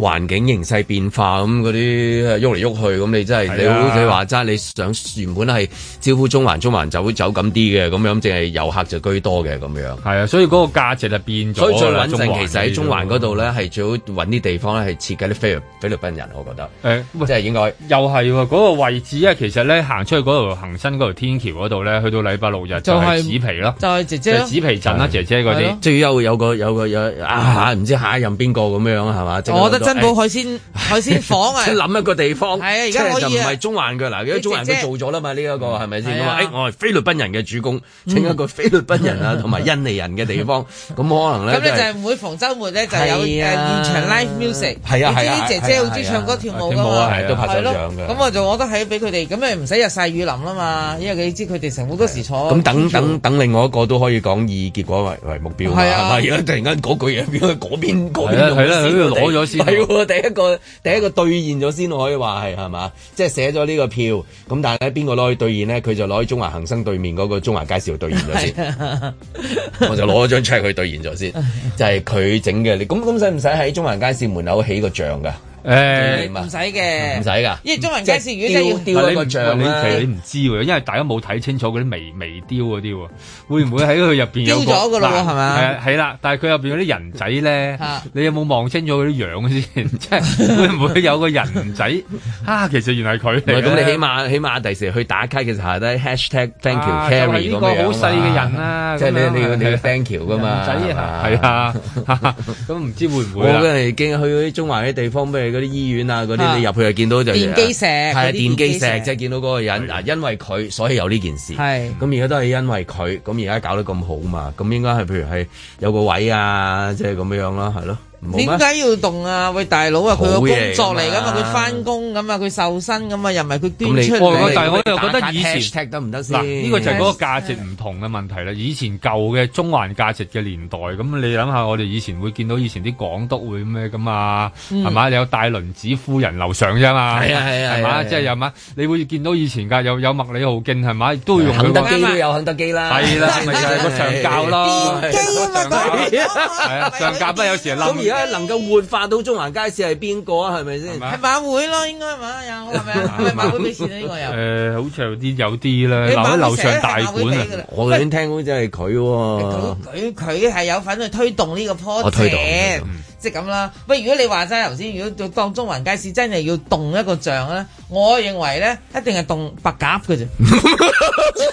環境形勢變化咁嗰啲喐嚟喐去，咁你真係、啊、你你話齋，你想原本係招呼中環，中環走走緊啲嘅，咁樣淨係遊客就居多嘅咁樣。係啊，所以嗰個價值就變咗。所以最穩陣，嗯、其實喺中環嗰度咧，係最好揾啲地方咧，係設計啲菲律菲律賓人，我覺得誒，即係、欸、應該又係嗰、嗰個位置咧，其實咧行出去嗰度，恆生嗰度天橋嗰度咧，去到禮拜六日就係紙皮咯、就是就是，就係、是、姐姐、啊，就紙皮陣啦，是姐姐嗰啲，最優、啊、有,有個有個有,個有啊，唔知下一任邊個咁樣啊，係嘛？我覺得。新寶海鮮海鮮坊啊！諗一個地方，而家係就唔係中環嘅啦。而家中環都做咗啦嘛，呢一個係咪先？咁啊，誒，我係菲律賓人嘅主攻，請一個菲律賓人啊，同埋印尼人嘅地方，咁可能咧。咁咧就每逢周末咧就有誒現場 live music，係啊係啊，即姐姐好中意唱歌跳舞噶嘛，係咯。咁我就覺得喺俾佢哋，咁咪唔使日曬雨淋啦嘛。因為你知佢哋成好多時坐。咁等等等，另外一個都可以講以結果為為目標，係啊，突然間嗰句嘢變咗，嗰邊嗰邊攞咗先。係喎，第一個第一個兌現咗先，我可以話係係嘛，即係寫咗呢個票，咁但係咧邊個攞去兌現咧？佢就攞去中華恒生對面嗰個中華街市兌現咗先， [laughs] 我就攞咗張 check 去兌現咗先，就係佢整嘅。你咁咁使唔使喺中華街市門口起個帳㗎？誒唔使嘅，唔使㗎。因為《中文街市魚》如果真係要雕個像啦。其實你唔知喎，因為大家冇睇清楚嗰啲微微雕嗰啲喎，會唔會喺佢入邊雕咗個咯？係咪啊？係啦，但係佢入邊有啲人仔咧，你有冇望清楚佢啲樣先？即係會唔會有個人仔啊？其實原來係佢嚟。咁你起碼起碼第時去打卡嘅時候都係 hashtag thank you carry 咁嘅好細嘅人啊！即係你你你 thank you 噶嘛？唔使啊！係啊，咁唔知會唔會啊？我嗰陣已經去咗啲中環啲地方俾嗰啲醫院啊，嗰啲你入去就見到就係，電機石，係啊，電機石，即係見到嗰個人啊，的因為佢所以有呢件事，係咁而家都係因為佢，咁而家搞得咁好嘛，咁應該係譬如係有個位啊，即係咁樣啦，係咯。點解要動啊？喂，大佬啊，佢個工作嚟㗎嘛，佢翻工咁啊，佢瘦身咁啊，又唔係佢端嚟出嚟。但係我又覺得以前踢得唔得先？嗱，呢個就係嗰個價值唔同嘅問題啦。以前舊嘅中環價值嘅年代，咁你諗下，我哋以前會見到以前啲港督會咩咁啊？係咪？你有大輪子夫人樓上啫嘛。係啊嘛，即係有乜？你會見到以前㗎，有有麥理浩徑係咪？都用佢個機會有肯德基啦。係啦，咪就係個上校咯，上校啦，有時冧。能夠活化到中環街市係邊個啊？係咪先？係馬會咯，應該係嘛？有咩？係馬會俾錢呢個又？誒，好似有啲有啲啦。馬樓上大館啊！我先聽講真係佢喎。佢佢佢係有份去推動呢個 project。即咁啦，喂！如果你話齋頭先，如果當中環街市真係要動一個像咧，我認為咧一定係動白鴿嘅啫。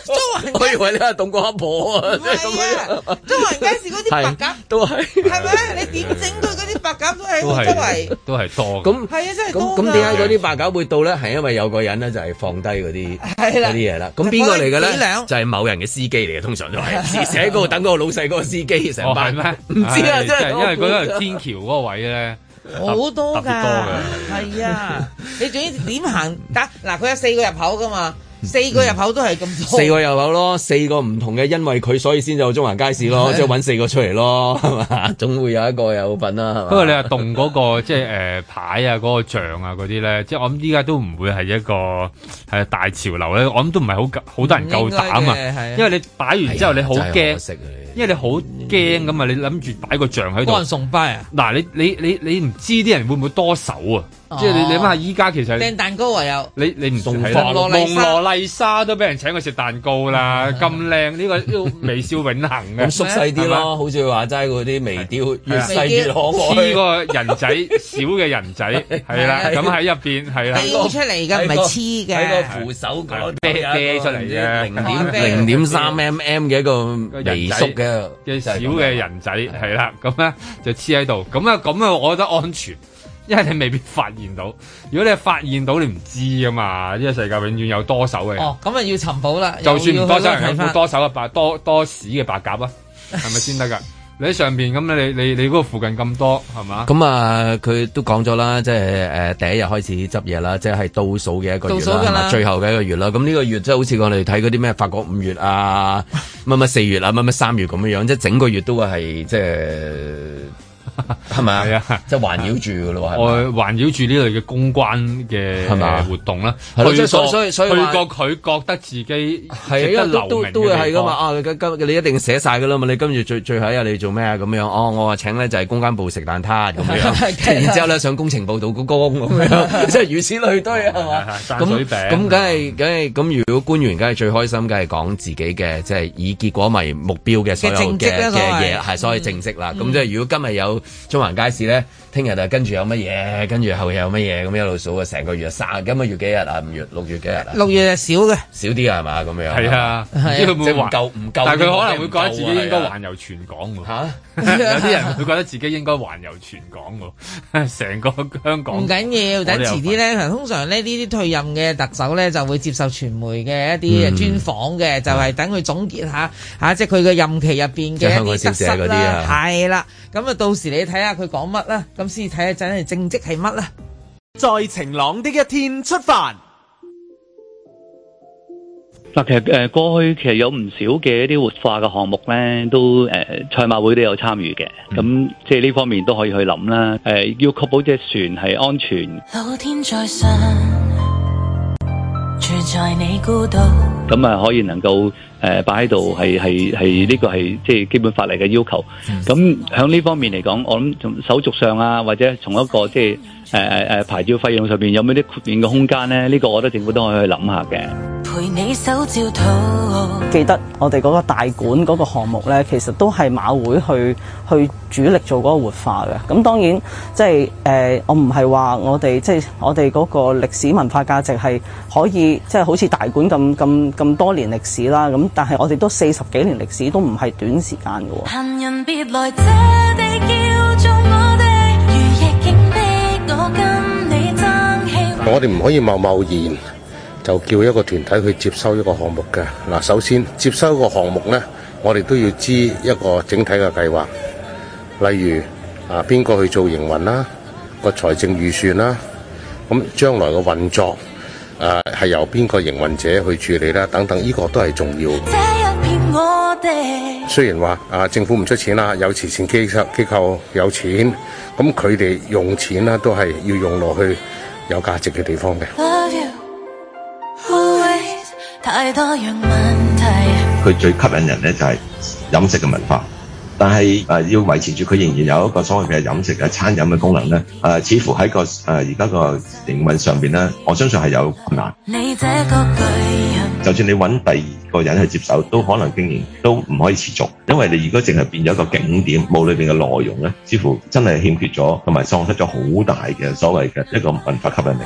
中環，我以為你係動個乞婆啊。唔係啊。中環街市嗰啲白鴿都係，係咪？你點整佢嗰啲白鴿都係，周圍都係多。咁係啊，真係多嘅。咁點解嗰啲白鴿會到咧？係因為有個人咧就係放低嗰啲嗰啲嘢啦。咁邊個嚟嘅咧？就係某人嘅司機嚟嘅，通常都係。是寫嗰等嗰個老細嗰個司機成班，咩？唔知啊，真係因為嗰個天橋。.嗰個位咧好多噶，係啊！你仲要點行？得嗱，佢有四個入口噶嘛。四個入口都係咁、嗯，四個入口咯，四個唔同嘅，因為佢所以先有中環街市咯，的即係揾四個出嚟咯，係嘛，總會有一個有份啦、啊。不過你話動嗰、那個 [laughs] 即係誒、呃、牌啊，嗰、那個像啊嗰啲咧，即係我諗依家都唔會係一個係大潮流咧，我諗都唔係好夠，好多人夠膽啊。因為你擺完之後、哎、呀你好驚，因為你好驚咁啊，你諗住擺個像喺度，多人送牌啊。嗱，你你你你唔知啲人會唔會多手啊？即係你你諗下，依家其實訂蛋糕唯有你你唔同，房，蒙羅麗莎都俾人請佢食蛋糕啦，咁靚呢個微笑永恆嘅，縮細啲咯，好似話齋嗰啲微雕越細越好，黐個人仔小嘅人仔係啦，咁喺入邊係啦，雕出嚟嘅唔係黐嘅，喺個扶手架啤出嚟啫，零點零點三 mm 嘅一個微縮嘅嘅小嘅人仔係啦，咁咧就黐喺度，咁啊咁啊，我覺得安全。因為你未必發現到，如果你發現到你唔知㗎嘛，呢、這個世界永遠有多手嘅。哦，咁啊要尋寶啦。就算唔多手，多手啊，白多多屎嘅白鴿啊，係咪先得噶？你喺上邊咁你你你嗰個附近咁多，係嘛？咁啊，佢都講咗啦，即係誒第一日開始執嘢啦，即、就、係、是、倒數嘅一個月啦，最後嘅一個月啦。咁呢個月即係好似我哋睇嗰啲咩法國五月啊，乜乜四月啊，乜乜 [laughs] 三月咁樣樣，即係整個月都係、就是、即係。係咪啊？即係環繞住噶咯環繞住呢類嘅公關嘅係嘛活動啦。去所所以所以去過佢覺得自己係啊，都都係噶嘛啊！你一定寫晒噶啦嘛！你跟住最最後一日你做咩啊？咁樣哦，我話請呢就係公關部食蛋撻咁樣，然之後咧上工程部倒高工咁樣，即係如此類推啊，係嘛？咁梗係梗係咁，如果官員梗係最開心，梗係講自己嘅即係以結果為目標嘅所有嘅嘢係，所以正式啦。咁即係如果今日有。中環街市咧。聽日啊，跟住有乜嘢？跟住後日有乜嘢？咁一路數啊，成個月三今個月幾日啊？五月六月幾日啊？六月係少嘅，少啲啊，係嘛？咁樣係啊，即係唔夠，唔夠。但佢可能會覺得自己應該環遊全港喎。啊、 [laughs] 有啲人會覺得自己應該環遊全港喎。成 [laughs] 個香港唔緊要，等遲啲咧。通常咧呢啲退任嘅特首咧就會接受傳媒嘅一啲專訪嘅，嗯、就係等佢總結下，嚇、嗯啊，即係佢嘅任期入邊嘅一啲得失啦。係啦，咁啊，啊到時你睇下佢講乜啦。咁先睇下仔係正職係乜咧？在晴朗的一天出發行，其實誒、呃、過去其實有唔少嘅一啲活化嘅項目咧，都誒呃、賽馬會都有參與嘅，咁即係呢方面都可以去諗啦。誒、呃、要確保隻船係安全。咁啊，可以能夠誒擺喺度，係係係呢個係即係基本法例嘅要求。咁響呢方面嚟講，我諗從手續上啊，或者從一個即係誒誒牌照費用上邊有冇啲豁免嘅空間咧？呢個我覺得政府都可以去諗下嘅。陪你照記得我哋嗰個大館嗰個項目咧，其實都係馬會去去主力做嗰個活化嘅。咁當然即係誒，我唔係話我哋即係我哋嗰個歷史文化價值係可以即係、就是、好似大館咁咁咁多年歷史啦。咁但係我哋都四十幾年歷史都唔係短時間嘅。我哋唔可以貿貿然。就叫一個團體去接收一個項目嘅嗱，首先接收個項目呢，我哋都要知一個整體嘅計劃，例如啊邊個去做營運啦、啊，個財政預算啦，咁、啊、將來嘅運作啊係由邊個營運者去處理啦、啊，等等呢、呢個都係重要。雖然話啊政府唔出錢啦，有慈善機構機構有錢，咁佢哋用錢啦都係要用落去有價值嘅地方嘅。佢最吸引人咧就係、是、飲食嘅文化，但係誒、呃、要維持住佢仍然有一個所謂嘅飲食嘅餐飲嘅功能咧，誒、呃、似乎喺個誒而家個營運上邊咧，我相信係有困難。你這個巨人就算你搵第二個人去接手，都可能經營都唔可以持續，因為你如果淨係變咗一個景點，冇裏邊嘅內容咧，似乎真係欠缺咗，同埋喪失咗好大嘅所謂嘅一個文化吸引力。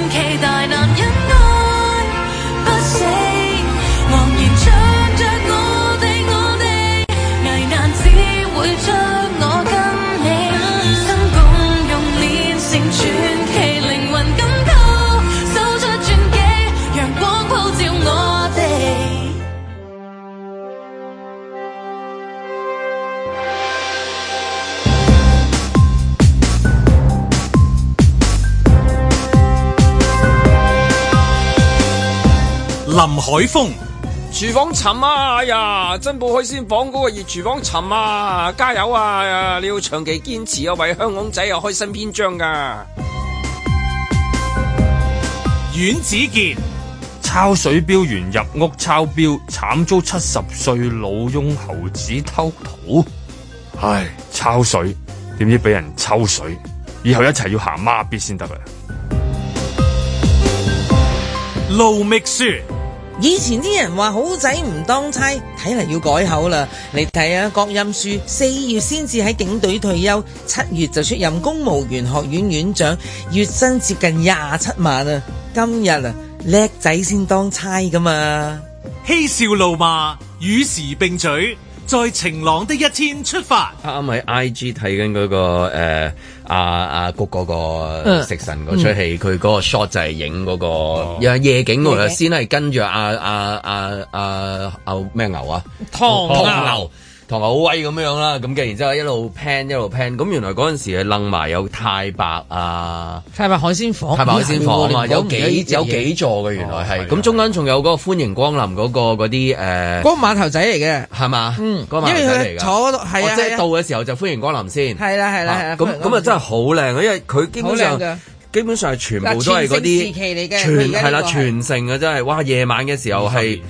林海峰，廚房沉啊！哎呀，珍寶海鮮舫嗰個熱廚房沉啊！加油啊！哎、呀你要長期堅持啊，為香港仔又開新篇章噶、啊。阮子健，抄水表員入屋抄表，慘遭七十歲老翁猴子偷桃。唉，抄水點知俾人抽水？以後一齊要行孖咇先得啊！盧覓書。以前啲人話好仔唔當差，睇嚟，要改口啦。你睇下郭蔭庶，四月先至喺警隊退休，七月就出任公務員學院院，院長，月薪接近廿七萬啊。今日啊，叻仔先當差㗎嘛，嬉笑怒罵與時並舉，在晴朗的一天出發。啱啱喺 IG 睇緊嗰個誒。呃阿阿、啊啊、谷嗰個食神嗰出戲，佢嗰、嗯、個 shot 就係影嗰個、嗯、夜景喎，耶先係跟住阿阿阿阿牛咩牛啊，唐牛。唐牛威咁樣啦，咁嘅，然之後一路 pan 一路 pan，咁原來嗰陣時係楞埋有太白啊，太白海鮮舫，太白海鮮舫啊嘛，有幾有幾座嘅原來係，咁中間仲有嗰個歡迎光臨嗰個嗰啲誒，嗰個碼頭仔嚟嘅係嘛，嗯，嗰個碼頭仔嚟嘅，坐係啊，即係到嘅時候就歡迎光臨先，係啦係啦係，咁咁啊真係好靚啊，因為佢基本上基本上係全部都係嗰啲傳，係啦全城啊，真係，哇夜晚嘅時候係。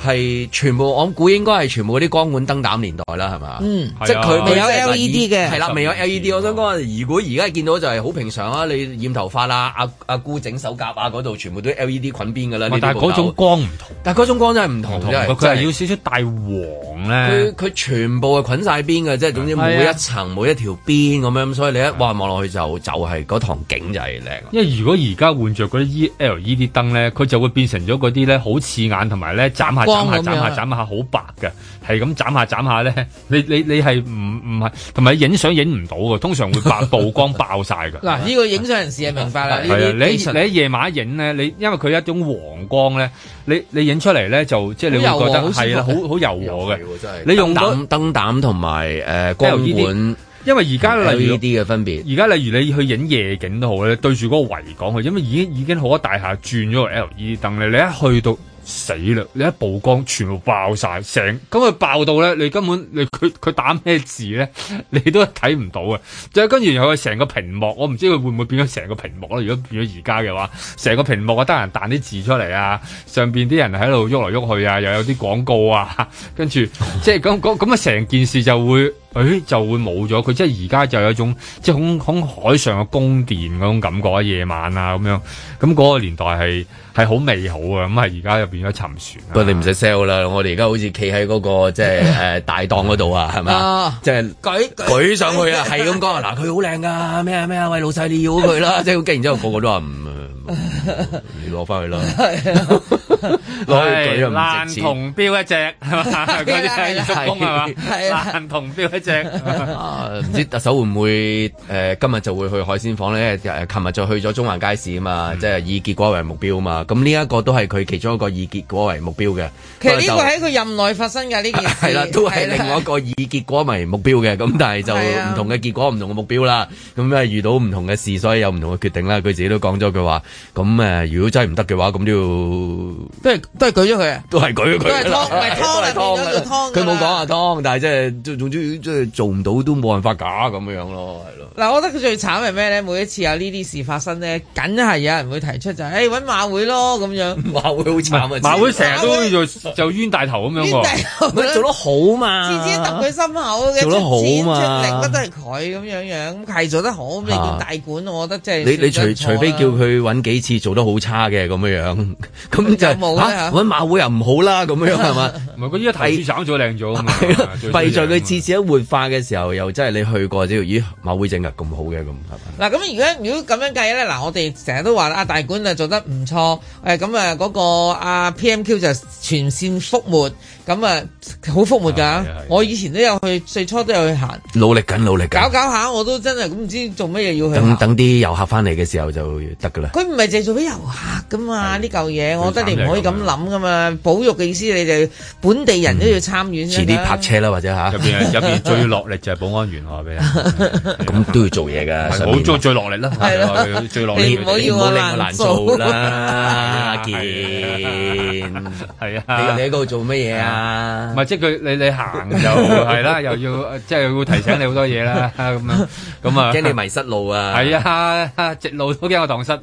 係全部，我估應該係全部嗰啲光管燈膽年代啦，係嘛？嗯，即係佢未有 LED 嘅，係啦，未有 LED。我想講，如果而家見到就係好平常啊！你染頭髮啦、啊，阿、啊、阿、啊、姑整手甲啊，嗰度全部都 LED 捆邊㗎啦、啊。但係嗰種光唔同，但係嗰種光真係唔同，佢係要少少帶黃咧。佢佢是全部係捆晒邊嘅，即係總之每一層、嗯、每一條邊咁樣，嗯嗯、所以你一哇望落是的 去就就係嗰堂景就係靚。因為如果而家換着嗰啲 LED 燈咧，佢就會變成咗嗰啲咧好刺眼同埋咧斬下斬下眨下眨下，好白嘅，係咁眨下眨下咧。你你你係唔唔係同埋影相影唔到嘅，通常會白曝光爆晒嘅。嗱，呢個影相人士係明白啦。你你喺夜晚影咧，你因為佢一種黃光咧，你你影出嚟咧就即係你會覺得係好好柔和嘅。真係，你用燈燈膽同埋誒光管，因為而家例如呢啲嘅分別，而家例如你去影夜景都好咧，對住嗰個維港去，因為已經已經好多大廈轉咗 LED 燈咧，你一去到。死啦！你一曝光，全部爆晒成，咁佢爆到咧，你根本你佢佢打咩字咧，你都睇唔到嘅。就係跟住佢成個屏幕，我唔知佢會唔會變咗成個屏幕咯。如果變咗而家嘅話，成個屏幕啊，得閒彈啲字出嚟啊，上邊啲人喺度喐來喐去啊，又有啲廣告啊，跟住即係咁咁咁啊，成 [laughs] 件事就會。誒就會冇咗佢，即係而家就有一種即係好似好似海上嘅宮殿嗰種感覺啊，夜晚啊咁樣，咁嗰個年代係係好美好啊，咁啊而家又變咗沉船。不過你唔使 sell 啦，我哋而家好似企喺嗰個即係誒大檔嗰度啊，係咪？即係舉舉上去啊，係咁講啊，嗱佢好靚㗎，咩啊咩啊，喂老細你要佢啦，即係咁，然之後個個都話唔。 [laughs] 你攞翻去啦，攞 [laughs] 去攰又唔值錢。銅標一隻係嘛？嗰啲係竹公係嘛？係 [laughs] 啊，銅標一隻。唔知特首會唔會誒、呃？今日就會去海鮮舫呢，咧。誒，琴日就去咗中環街市啊嘛。嗯、即係以結果為目標嘛。咁呢一個都係佢其中一個以結果為目標嘅。其實呢個喺佢任內發生嘅呢件事。係、啊、啦，都係另外一個以結果為目標嘅。咁 [laughs] 但係就唔同嘅結果，唔 [laughs] 同嘅目標啦。咁啊遇到唔同嘅事， [laughs] 所以有唔同嘅決定啦。佢自己都講咗句話。咁誒，如果真係唔得嘅話，咁都要都係都係舉咗佢啊，都係舉咗佢。湯唔係湯啊，湯嘅。佢冇講啊湯，但係即係總之即係做唔到都冇辦法假咁樣樣咯，係咯。嗱，我覺得佢最慘係咩咧？每一次有呢啲事發生咧，梗係有人會提出就誒揾馬會咯咁樣。馬會好慘啊！馬會成日都就冤大頭咁樣。冤大頭做得好嘛？尖尖突佢心口，做得好嘛？實力乜都係佢咁樣樣，係做得好，你叫大管，我覺得即係。你你除除非叫佢幾次做得好差嘅咁樣樣，咁就冇馬會又唔好啦，咁樣樣係嘛？唔係佢一睇，提早靚咗，弊在佢次次喺活化嘅時候，又真係你去過之後，咦，馬會整日咁好嘅咁。嗱，咁如果如果咁樣計咧，嗱，我哋成日都話阿大館啊做得唔錯，誒，咁啊嗰個阿 P M Q 就全線覆沒，咁啊好覆沒噶。我以前都有去，最初都有去行，努力緊，努力緊，搞搞下我都真係咁唔知做乜嘢要去。等等啲遊客翻嚟嘅時候就得噶啦。唔係借做俾遊客噶嘛？呢嚿嘢，我覺得你唔可以咁諗噶嘛。保育嘅意思，你就本地人都要參與先。遲啲泊車啦，或者嚇。入面最落力就係保安員，話俾你。咁都要做嘢㗎，好做最落力啦。係落力。你唔好要我難做啦，阿健。係啊。你喺度做乜嘢啊？唔係即係佢，你你行就係啦，又要即係會提醒你好多嘢啦，咁樣咁啊，驚你迷失路啊。係啊，直路都驚我蕩失。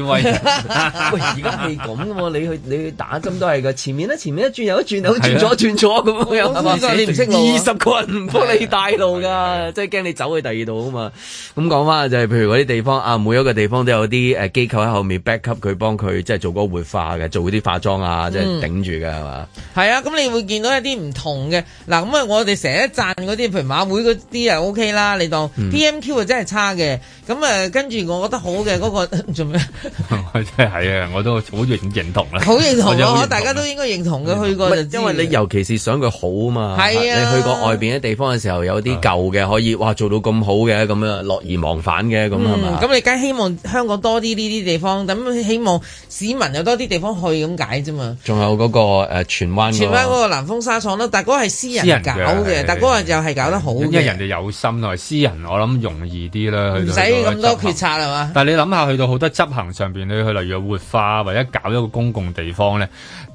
喂，而家係咁喎，你去你去打針都係噶，前面咧、啊、前面、啊、轉一轉又一轉又轉左轉左咁，有二十個人唔幫你帶路噶，即係驚你走去第二度啊嘛。咁講翻就係譬如嗰啲地方啊，每一個地方都有啲誒機構喺後面 back up 佢，幫佢即係做嗰個活化嘅，做嗰啲化妝啊，即係頂住嘅係嘛？係啊，咁你會見到一啲唔同嘅嗱，咁、嗯、啊我哋成日贊嗰啲，譬如馬會嗰啲又 OK 啦，你當 PMQ 啊真係差嘅，咁啊、嗯嗯、跟住我覺得好嘅嗰、那個 [laughs] 做咩？我真係啊，我都好認同啦，好認同啊！大家都應該認同嘅，去過就，因為你尤其是想佢好啊嘛，係啊！你去過外邊嘅地方嘅時候，有啲舊嘅可以，哇做到咁好嘅，咁樣樂而忘返嘅，咁係嘛？咁你梗係希望香港多啲呢啲地方，咁希望市民有多啲地方去咁解啫嘛？仲有嗰個誒荃灣，荃灣嗰個南豐紗廠啦，但係嗰個係私人搞嘅，但嗰個又係搞得好，因為人哋有心啊！私人我諗容易啲啦，唔使咁多決策係嘛？但係你諗下去到好多執行。上邊你去例如有活化或者搞一個公共地方咧，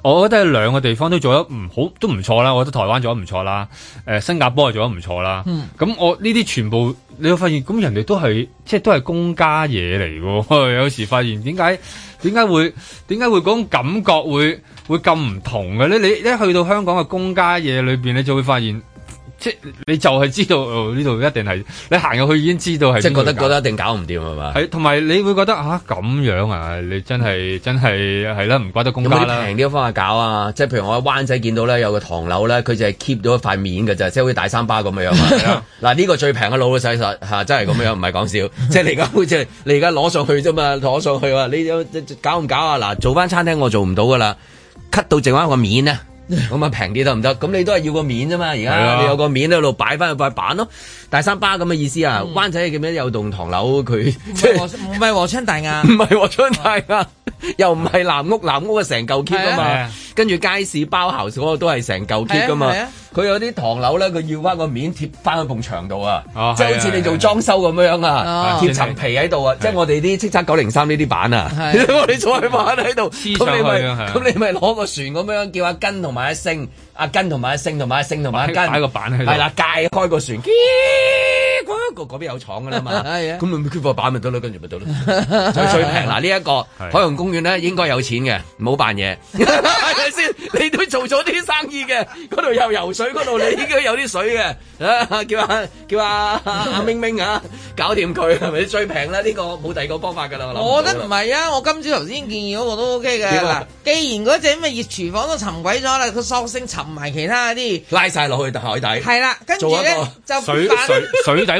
我覺得兩個地方都做得唔好都唔錯啦。我覺得台灣做得唔錯啦，誒新加坡又做得唔錯啦。咁、嗯、我呢啲全部你會發現，咁人哋都係即係都係公家嘢嚟嘅。有時發現點解點解會點解會嗰種感覺會會咁唔同嘅咧？你一去到香港嘅公家嘢裏邊，你就會發現。即係你就係知道呢度、哦、一定係你行入去已經知道係。即係覺得搞覺得一定搞唔掂係嘛？係同埋你會覺得嚇咁、啊、樣啊！你真係真係係啦，唔、啊、怪得公家平啲嘅方法搞啊！即係譬如我喺灣仔見到咧有個唐樓咧，佢就係 keep 咗一塊面㗎咋，即係好似大三巴咁嘅樣。嗱呢、 [laughs] 啊呢個最平嘅老老實實嚇、啊、真係咁樣，唔係講笑。即係 [laughs] 你而家會即你而家攞上去啫嘛，攞上去啊！你搞唔搞啊？嗱，做翻餐廳我做唔到㗎啦，cut 到剩翻個面啊！咁啊平啲得唔得？咁 [laughs] 你都係要個面啫嘛，而家你有個面喺度擺翻去塊板咯。大三巴咁嘅意思啊，灣仔嘅叫咩？有棟唐樓佢即係唔係和昌大押？唔係和昌大押，又唔係藍屋，藍屋啊成嚿 keep 啊嘛。跟住街市包浩斯都係成嚿 keep 噶嘛。佢有啲唐樓咧，佢要翻個面貼翻喺埲牆度啊，即係好似你做裝修咁樣啊，貼層皮喺度啊。即係我哋啲七七九零三呢啲板啊，你做塊板喺度，咁你咪咁你咪攞個船咁樣叫阿根同埋阿星。阿根同埋阿星同埋阿星。同埋阿根，係啦，界開個船。一個嗰邊有廠噶啦嘛，咁咪缺貨版咪得咯，跟住咪得咯。最平嗱，呢一個海洋公園咧，應該有錢嘅，唔好扮嘢，係咪先？你都做咗啲生意嘅，嗰度又游水，嗰度你應該有啲水嘅。叫啊叫啊阿明明啊，搞掂佢係咪？最平咧，呢個冇第二個方法噶啦，我諗。我覺得唔係啊，我今朝頭先建議嗰個都 OK 嘅。嗱，既然嗰隻咁嘅熱廚房都沉鬼咗啦，佢索性沉埋其他啲，拉晒落去海底。係啦，跟住咧就水水底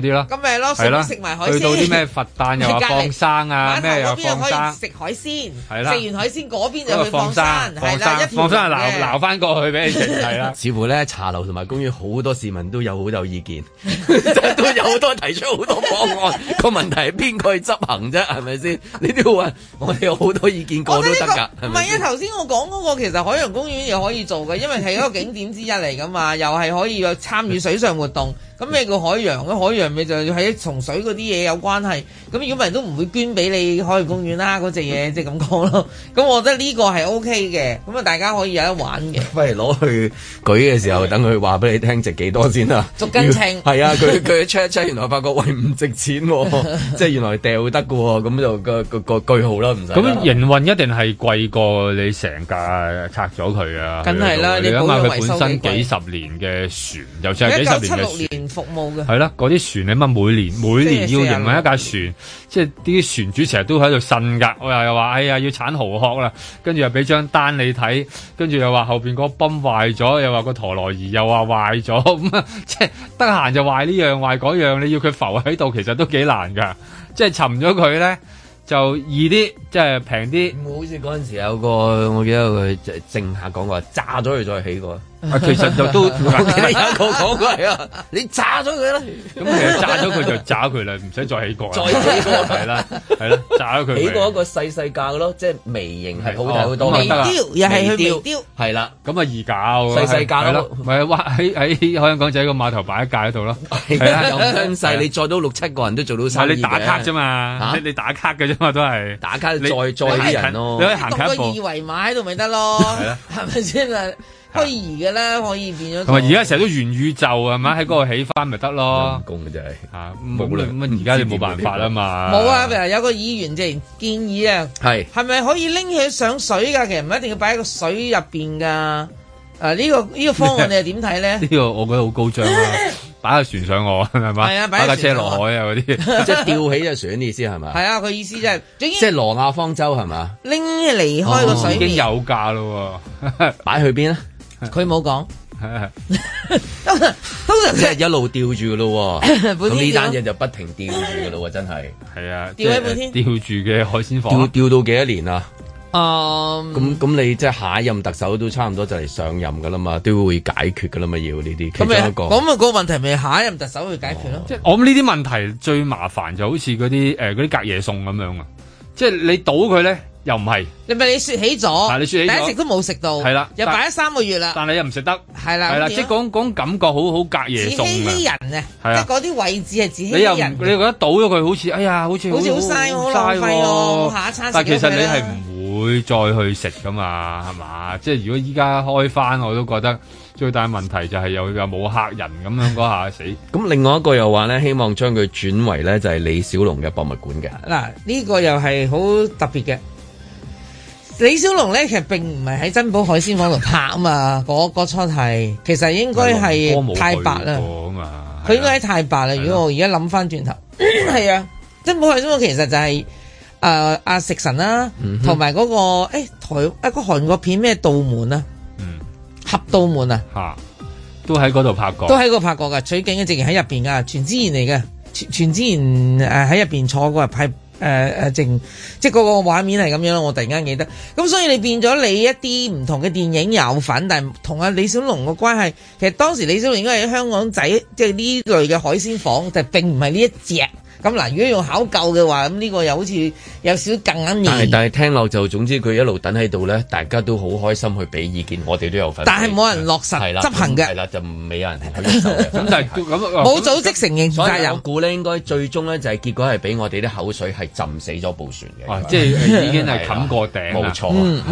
啲咯，咁咪咯，食埋海鮮，去到啲咩佛誕又放生啊？咩又可以食海鮮，食完海鮮嗰邊就去放生，係啦，放生係鬧鬧返過去俾你食，係啦。似乎咧茶樓同埋公園好多市民都有好有意見，都有好多提出好多方案。個問題係邊個去執行啫？係咪先？你都要話我哋有好多意見過都得㗎。唔係啊，頭先我講嗰個其實海洋公園又可以做嘅，因為係一個景點之一嚟㗎嘛，又係可以有參與水上活動。咁咩叫海洋？海洋？咪就係從水嗰啲嘢有關係，咁如果唔係都唔會捐俾你海洋公園啦嗰隻嘢，即係咁講咯。咁我覺得呢個係 OK 嘅，咁啊大家可以有得玩嘅。不如攞去舉嘅時候，等佢話俾你聽值幾多先啦。竹根秤係啊，佢佢 check check，原來發覺喂唔值錢喎，即係原來掉得嘅喎，咁就個個個句號啦，唔使。咁營運一定係貴過你成架拆咗佢啊！梗係啦，你估下佢本身幾十年嘅船，又剩幾十年嘅服務嘅係啦，嗰啲船。船你乜每年每年要營運一架船，即係啲船主成日都喺度呻噶，我又又話哎呀要鏟蠔殼啦，跟住又俾張單你睇，跟住又話後邊個泵壞咗，又話個陀螺儀又話壞咗，咁 [laughs] 啊即係得閒就壞呢樣壞嗰樣，你要佢浮喺度其實都幾難噶，即係沉咗佢咧，就易啲，即係平啲。好似嗰陣時有個我記得佢即係政客講話炸咗佢再起過。其實就都，我記得有講過啊，你炸咗佢啦，咁其實炸咗佢就炸佢啦，唔使再起過。再起過係啦，係啦，炸咗佢。起過一個細細架咯，即係微型係好睇好多。微雕，又係佢微雕，係啦，咁啊易搞。細細架咯，咪喺喺香港仔個碼頭擺一架喺度咯，係啊，咁身勢你載到六七個人都做到晒。但你打卡啫嘛，你你打卡嘅啫嘛都係，打卡你再載啲人咯，你可以行卡一個。攤個二維碼喺度咪得咯，係咪先啊？虛擬嘅啦，可以變咗。同埋而家成日都元宇宙啊，係咪喺嗰度起翻咪得咯。陰功嘅真係嚇，冇論咁而家你冇辦法啊嘛。冇啊，有個議員就建議啊，係係咪可以拎起上水㗎？其實唔一定要擺喺個水入邊㗎。誒呢個呢個方案你係點睇咧？呢個我覺得好高張啊！擺架船上岸係咪？係啊，擺架車落海啊嗰啲，即係吊起隻船嘅意思係咪？係啊，佢意思即係即係挪亞方舟係嘛？拎離開個水面已經有價啦，擺去邊啊？佢冇講，通常即係一路吊住噶咯，咁呢單嘢就不停吊住噶咯，真係。係啊，吊喺半天，吊住嘅海鮮房，吊、啊、吊，吊到幾多年啊？咁咁、嗯、你即係下一任特首都差唔多就嚟上任噶啦嘛，都會，會解決噶啦嘛，要呢啲其中一個。咁啊，講個問題咪下一任特首去解決咯？哦、即係我諗呢啲問題最麻煩就好似嗰啲誒啲隔夜餸咁樣啊，即係你倒佢咧。又唔係，你咪你説起咗，第一食都冇食到，係啦，又擺咗三個月啦。但你又唔食得，係啦，係啦，即係講講感覺好好隔夜餸啊。自欺欺人啊，即係嗰啲位置係自欺欺人。你覺得倒咗佢好似，哎呀，好似好嘥喎，好嘥喎，下一餐但其實你係唔會再去食噶嘛，係嘛？即係如果依家開翻，我都覺得最大問題就係有冇客人咁樣嗰下死。咁另外一個又話咧，希望將佢轉為咧就係李小龍嘅博物館嘅。嗱，呢個又係好特別嘅。李小龍咧，其實並唔係喺珍寶海鮮舫度拍啊嘛，我、那個出係，其實應該係太白啦。佢、啊、應該喺太白啦。啊、如果我而家諗翻轉頭，係啊，啊，啊，珍寶海鮮舫其實就係誒阿食神啦、啊，同埋嗰個誒、欸、台一、那個韓國片咩道門啊，嗯，俠道門啊，吓，都喺嗰度拍過，都喺嗰度拍過噶，取景嘅直情喺入邊噶，全智賢嚟嘅，全全智賢誒喺入邊坐過拍。誒誒，淨、呃、即係個個畫面係咁樣咯，我突然間記得，咁所以你變咗你一啲唔同嘅電影有份，但係同阿李小龍嘅關係，其實當時李小龍應該係香港仔，即係呢類嘅海鮮舫，就並唔係呢一隻。咁嗱，如果要考究嘅話，咁呢個又好似有少少夾硬。但係但係聽落就總之佢一路等喺度咧，大家都好開心去俾意見，我哋都有份。但係冇人落實執行嘅。係啦，就未有人去冇組織承認，所以有股咧，應該最終咧就係結果係俾我哋啲口水係浸死咗部船嘅。即係已經係冚過頂，冇錯。嗯，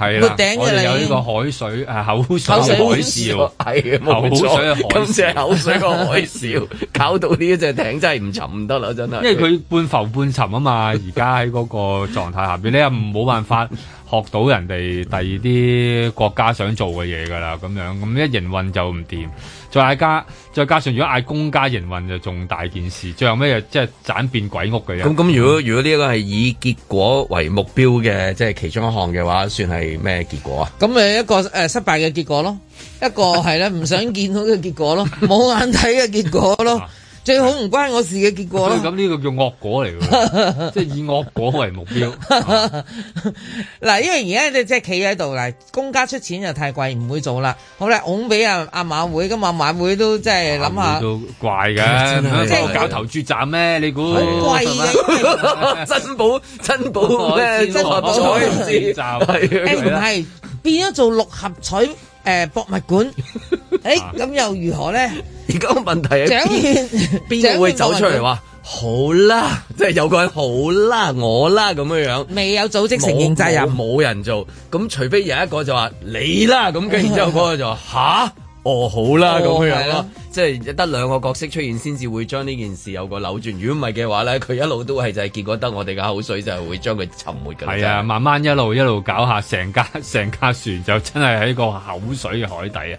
係冇頂嘅，你有呢個海水口水海嘯，係冇錯。口水口水嘅海嘯，搞到呢一隻艇真係唔沉唔得啦。因為佢半浮半沉啊嘛，而家喺嗰個狀態下邊， [laughs] 你又冇辦法學到人哋第二啲國家想做嘅嘢噶啦，咁樣咁一營運，運就唔掂，再加再加上如果嗌公家營運，運就仲大件事，最後尾又即係盞變鬼屋嘅。咁咁如果如果呢一個係以結果為目標嘅，即係其中一項嘅話，算係咩結果啊？咁誒一個誒失敗嘅結果咯，一個係啦唔想見到嘅結果咯，冇 [laughs] 眼睇嘅結果咯。 [laughs] 最好唔關我事嘅結果咯。咁呢個叫惡果嚟嘅，即係以惡果為目標。嗱，因為而家你即係企喺度，嗱，公家出錢就太貴，唔會做啦。好咧，拱俾阿阿馬會，咁阿馬會都即係諗下。都怪嘅，搞投注站咩？你估好貴嘅？珍寶，珍寶珍寶投注站係啊？誒，唔係變咗做六合彩誒博物館。誒，咁又如何咧？而家，嗯， [laughs] 個問題係邊邊個會走出嚟話 [laughs] 好啦，即、就、係、是、有個人好啦，我啦咁樣樣，未有組織承認責任，冇無人做。咁除非有一個就話你啦，咁跟住之後嗰個就話吓， [laughs] 哦，好啦咁，哦，樣樣咯。哦，即係得兩個角色出現先至會將呢件事有個扭轉。如果唔係嘅話咧，佢一路都係就係結果得我哋嘅口水就係會將佢沉沒嘅。緊係啊，慢慢一路一路搞下，成架成架船就真係喺個口水嘅海底啊！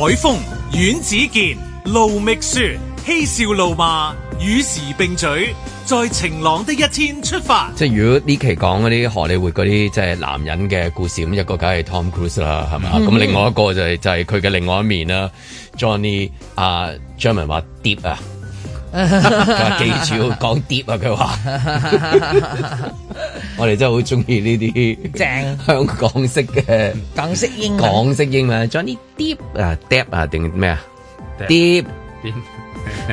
海風，阮子健、盧覓雪，嬉笑怒罵，與時並嘴、在晴朗的一天出發。即係如果呢期講嗰啲荷里活嗰啲即係男人嘅故事，咁一個梗係 Tom Cruise 啦，係咪？咁 [laughs] 另外一個就係、是、就係佢嘅另外一面啦，Johnny 啊，張明話 Depp 啊。 [laughs] 記住講碟啊！佢話， [laughs] 我哋真係好中意呢啲正 [laughs] 香港式嘅，更適應港式英文，將啲碟啊、碟啊定咩啊？碟？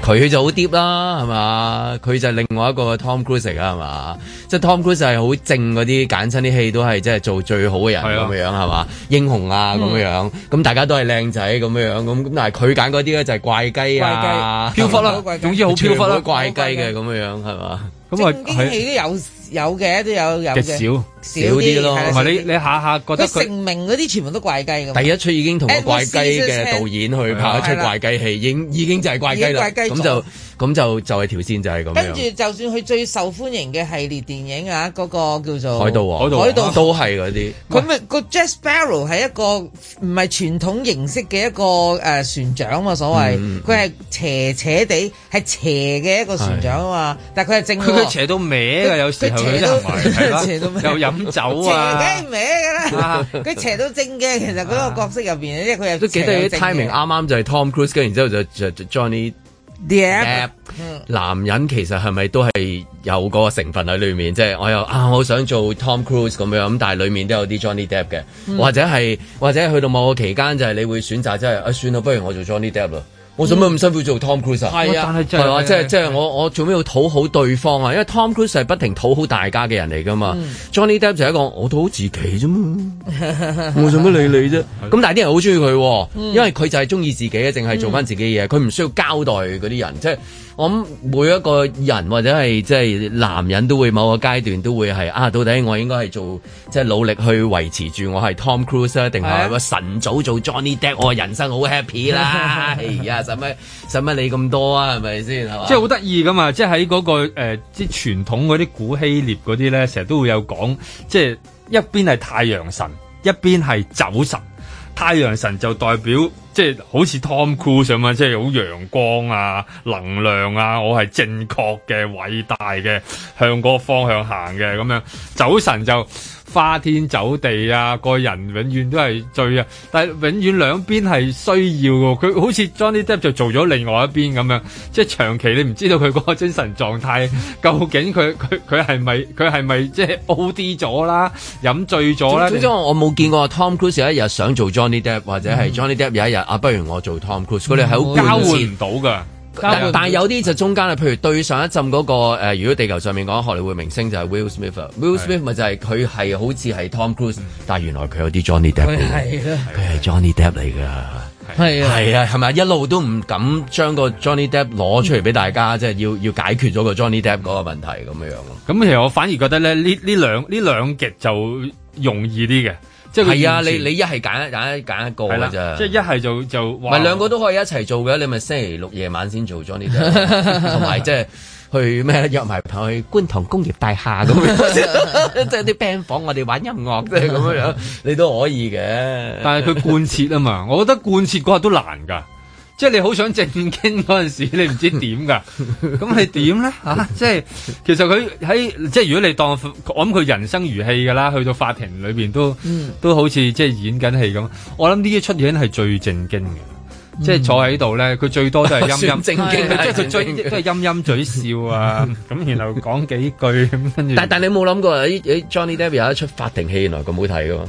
佢就好 deep 啦，係嘛？佢就係另外一個 Tom Cruise 啊，係嘛？即係 Tom Cruise 係好正嗰啲，揀親啲戲都係即係做最好嘅人咁樣樣，係嘛是、啊？英雄啊咁樣、嗯、樣，咁大家都係靚仔咁樣樣，咁咁但係佢揀嗰啲咧就係怪雞啊，飄忽啦，總之好飄忽啦，怪雞嘅咁樣樣，係嘛？咁啊，正經戲都有有嘅，都有有嘅。少啲咯，同埋你你下下覺得佢成名嗰啲全部都怪雞咁。第一出已經同個怪雞嘅導演去拍一出怪雞戲，已已經就係怪雞啦。咁就咁就就係條線就係咁樣。跟住就算佢最受歡迎嘅系列電影啊，嗰個叫做海盜啊，海盜都係嗰啲。佢咪個 Jack Sparrow 係一個唔係傳統形式嘅一個誒船長啊嘛？所謂佢係斜斜地係斜嘅一個船長啊嘛，但係佢係正。佢佢斜到歪㗎，有時佢又斜到，又入。走啊！斜嘅歪嘅啦，佢邪到正嘅。其實嗰個角色入邊，即係佢又都幾多啲 timing 啱啱就係 Tom Cruise，跟住然之後就 Johnny Depp。Yep. 男人其實係咪都係有嗰個成分喺裏面？即係我又啊，我想做 Tom Cruise 咁樣，但係裡面都有啲 Johnny Depp 嘅，嗯、或者係或者去到某個期間，就係你會選擇即係啊，算啦，不如我做 Johnny Depp 啦。我做咩咁辛苦做 Tom Cruise 啊？係啊，係吧啊。即係即係我我做咩要討好對方啊？因為 Tom Cruise 係不停討好大家嘅人嚟噶嘛。 [laughs] Johnny Depp 就係一個我討好自己啫嘛，我做咩理你啫？咁 [laughs] 但係啲人好中意佢，因為佢就係中意自己，淨係做翻自己嘢，佢唔 [laughs] 需要交代嗰啲人，即係。我諗每一個人或者係即係男人都會某個階段都會係啊，到底我應該係做即係、就是、努力去維持住我係 Tom Cruise 定係晨早做 Johnny Depp 我人生好 happy 啦，而家使乜使乜理咁多啊，係咪先係嘛？即係好得意咁嘛。即係喺嗰個誒，即係傳統嗰啲古希臘嗰啲咧，成日都會有講，即係一邊係太陽神，一邊係酒神。太陽神就代表即係好似 Tom Cruise 咁樣，即係好陽光啊、能量啊，我係正確嘅、偉大嘅，向個方向行嘅咁樣。酒神就花天酒地啊！個人永遠都係醉啊，但係永遠兩邊係需要嘅。佢好似 Johnny Depp 就做咗另外一邊咁樣，即係長期你唔知道佢嗰個精神狀態究竟佢佢佢係咪佢係咪即係 OD 咗啦？飲醉咗啦！即係總是我冇見過、嗯、Tom Cruise 有一日想做 Johnny Depp 或者係 Johnny Depp 有一日啊、嗯，不如我做 Tom Cruise、嗯。佢哋係好交換唔到㗎。但但有啲就中間啊，譬如對上一陣嗰、那個、呃、如果地球上面講荷里活明星就係 Will Smith，Will Smith 咪的 Smith 就係佢係好似係 Tom Cruise，、嗯、但原來佢有啲 Johnny Depp 佢係 Johnny Depp 嚟㗎，係啊，係啊，係咪的的一路都唔敢將個 Johnny Depp 攞出嚟俾大家，的即係要要解決咗個 Johnny Depp 嗰個問題咁樣咯。咁、嗯、其實我反而覺得咧，呢呢兩呢兩極就容易啲嘅。即係啊，你你一係揀一揀一揀一個㗎咋，即係一係就就話係兩個都可以一齊做嘅，你咪星期六夜晚先做咗呢啲，同埋即係去咩約埋朋友去觀塘工業大廈咁，即係啲 band 房我哋玩音樂即係咁樣樣，你都可以嘅。但係佢貫徹啊嘛，我覺得貫徹嗰日都難㗎。即係你好想正經嗰陣時，你唔知點噶，咁係點咧嚇？即係其實佢喺即係如果你當我諗佢人生如戲噶啦，去到法庭裏邊都、嗯、都好似即係演緊戲咁。我諗呢一出嘢咧係最正經嘅。即係 [music] 坐喺度咧，佢最多都係陰陰正經，即係佢最都係陰陰嘴笑啊！咁然後講幾句咁，跟住但但你冇諗過 Johnny Depp 有一出法庭戲原來咁好睇㗎嘛？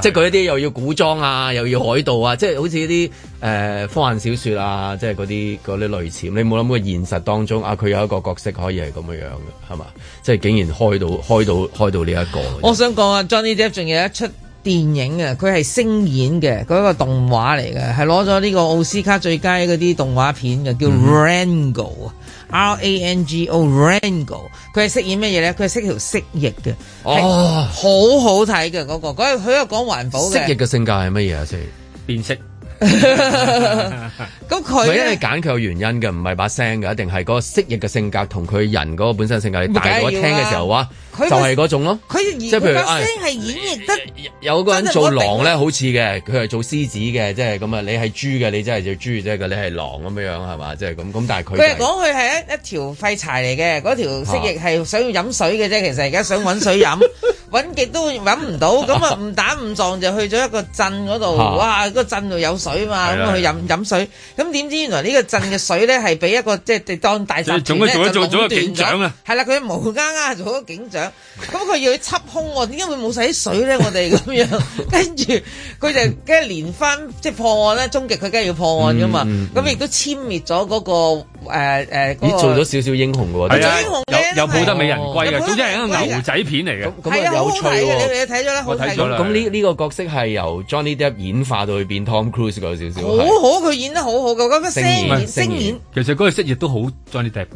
即係佢一啲又要古裝啊，又要海盜啊，即係好似啲誒科幻小説啊，即係嗰啲啲類似。你冇諗過現實當中啊，佢有一個角色可以係咁樣樣嘅，係嘛？即係竟然開到開到開到呢一個,、啊這個。我想講啊，Johnny Depp 仲有一出。 [music] 電影啊，佢係聲演嘅，佢一個動畫嚟嘅，係攞咗呢個奧斯卡最佳嗰啲動畫片嘅，叫 Rango 啊，Rango，嗯、R A N G O Rango，佢係飾演乜嘢咧？佢係飾條蜥蜴嘅，哦，好好睇嘅嗰個，佢又講環保嘅。蜥蜴嘅性格係乜嘢先？變色。咁佢唔係因為揀佢有原因嘅，唔係把聲嘅，一定係嗰個蜥蜴嘅性格同佢人嗰個本身性格，大、啊、我聽嘅時候啊，他就係嗰種咯。佢譬如聲係演繹得、哎、有個人做狼咧，好似嘅，佢係做獅子嘅，即係咁啊！你係豬嘅，你真係隻豬啫，你係狼咁樣樣係嘛？即係咁咁，但係佢佢係講佢係一一條廢柴嚟嘅，嗰條蜥蜴係想要飲水嘅啫，其實而家想搵水飲。 [laughs] 揾極都揾唔到，咁啊誤打誤撞就去咗一個鎮嗰度， [laughs] 哇！嗰個鎮度有水嘛，咁啊 [laughs] 去飲飲水。咁點知原來個呢個鎮嘅水咧係俾一個即係當大集團，仲一仲一做咗警長啊！係啦，佢冇啱啱做咗警長，咁佢要去插空，點解會冇使水咧？我哋咁樣，跟住佢就跟連翻即係破案咧，終極佢梗係要破案㗎嘛，咁亦、嗯嗯、都殲滅咗嗰、嗰個。誒誒，你做咗少少英雄喎，做英雄又又冇得美人歸嘅，總之係一個牛仔片嚟嘅。係啊，好睇嘅，你睇咗啦，我睇咗啦。咁呢呢個角色係由 Johnny Depp 演化到去變 Tom Cruise 嗰少少，好好，佢演得好好嘅，聲星演，其實嗰個色亦都好 Johnny Depp 嘅。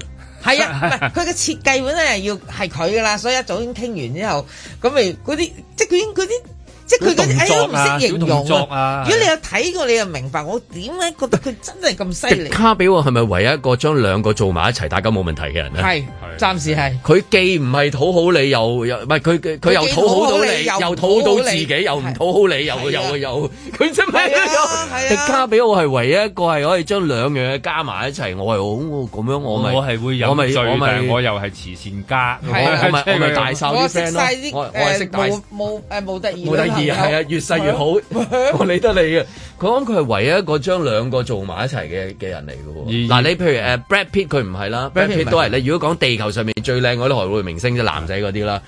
係啊，佢嘅設計本身要係佢嘅啦，所以一早已經傾完之後，咁咪嗰啲即係佢因嗰啲。即係佢嘅，哎，我唔識形容。如果你有睇過，你就明白我點解覺得佢真係咁犀利。卡比，我係咪唯一一個將兩個做埋一齊，大家冇問題嘅人呢？係，暫時係。佢既唔係討好你，又又唔係佢佢又討好到你，又討到自己，又唔討好你，又又又佢真係卡比，我係唯一一個係可以將兩樣嘢加埋一齊。我係好咁樣，我咪我係會有罪嘅。我又係慈善家，我咪我咪大曬啲 friend 咯。我食曬啲誒冇冇誒冇得意。係啊，越細越好，啊啊，我理得你嘅。佢講佢係唯一一個將兩個做埋一齊嘅嘅人嚟嘅喎。嗱以，你譬如誒，啊，Brad Pitt 佢唔係啦，Brad Pitt，Brad Pitt 都係。你如果講地球上面最靚嗰啲海貝明星啫， [laughs] 男仔嗰啲啦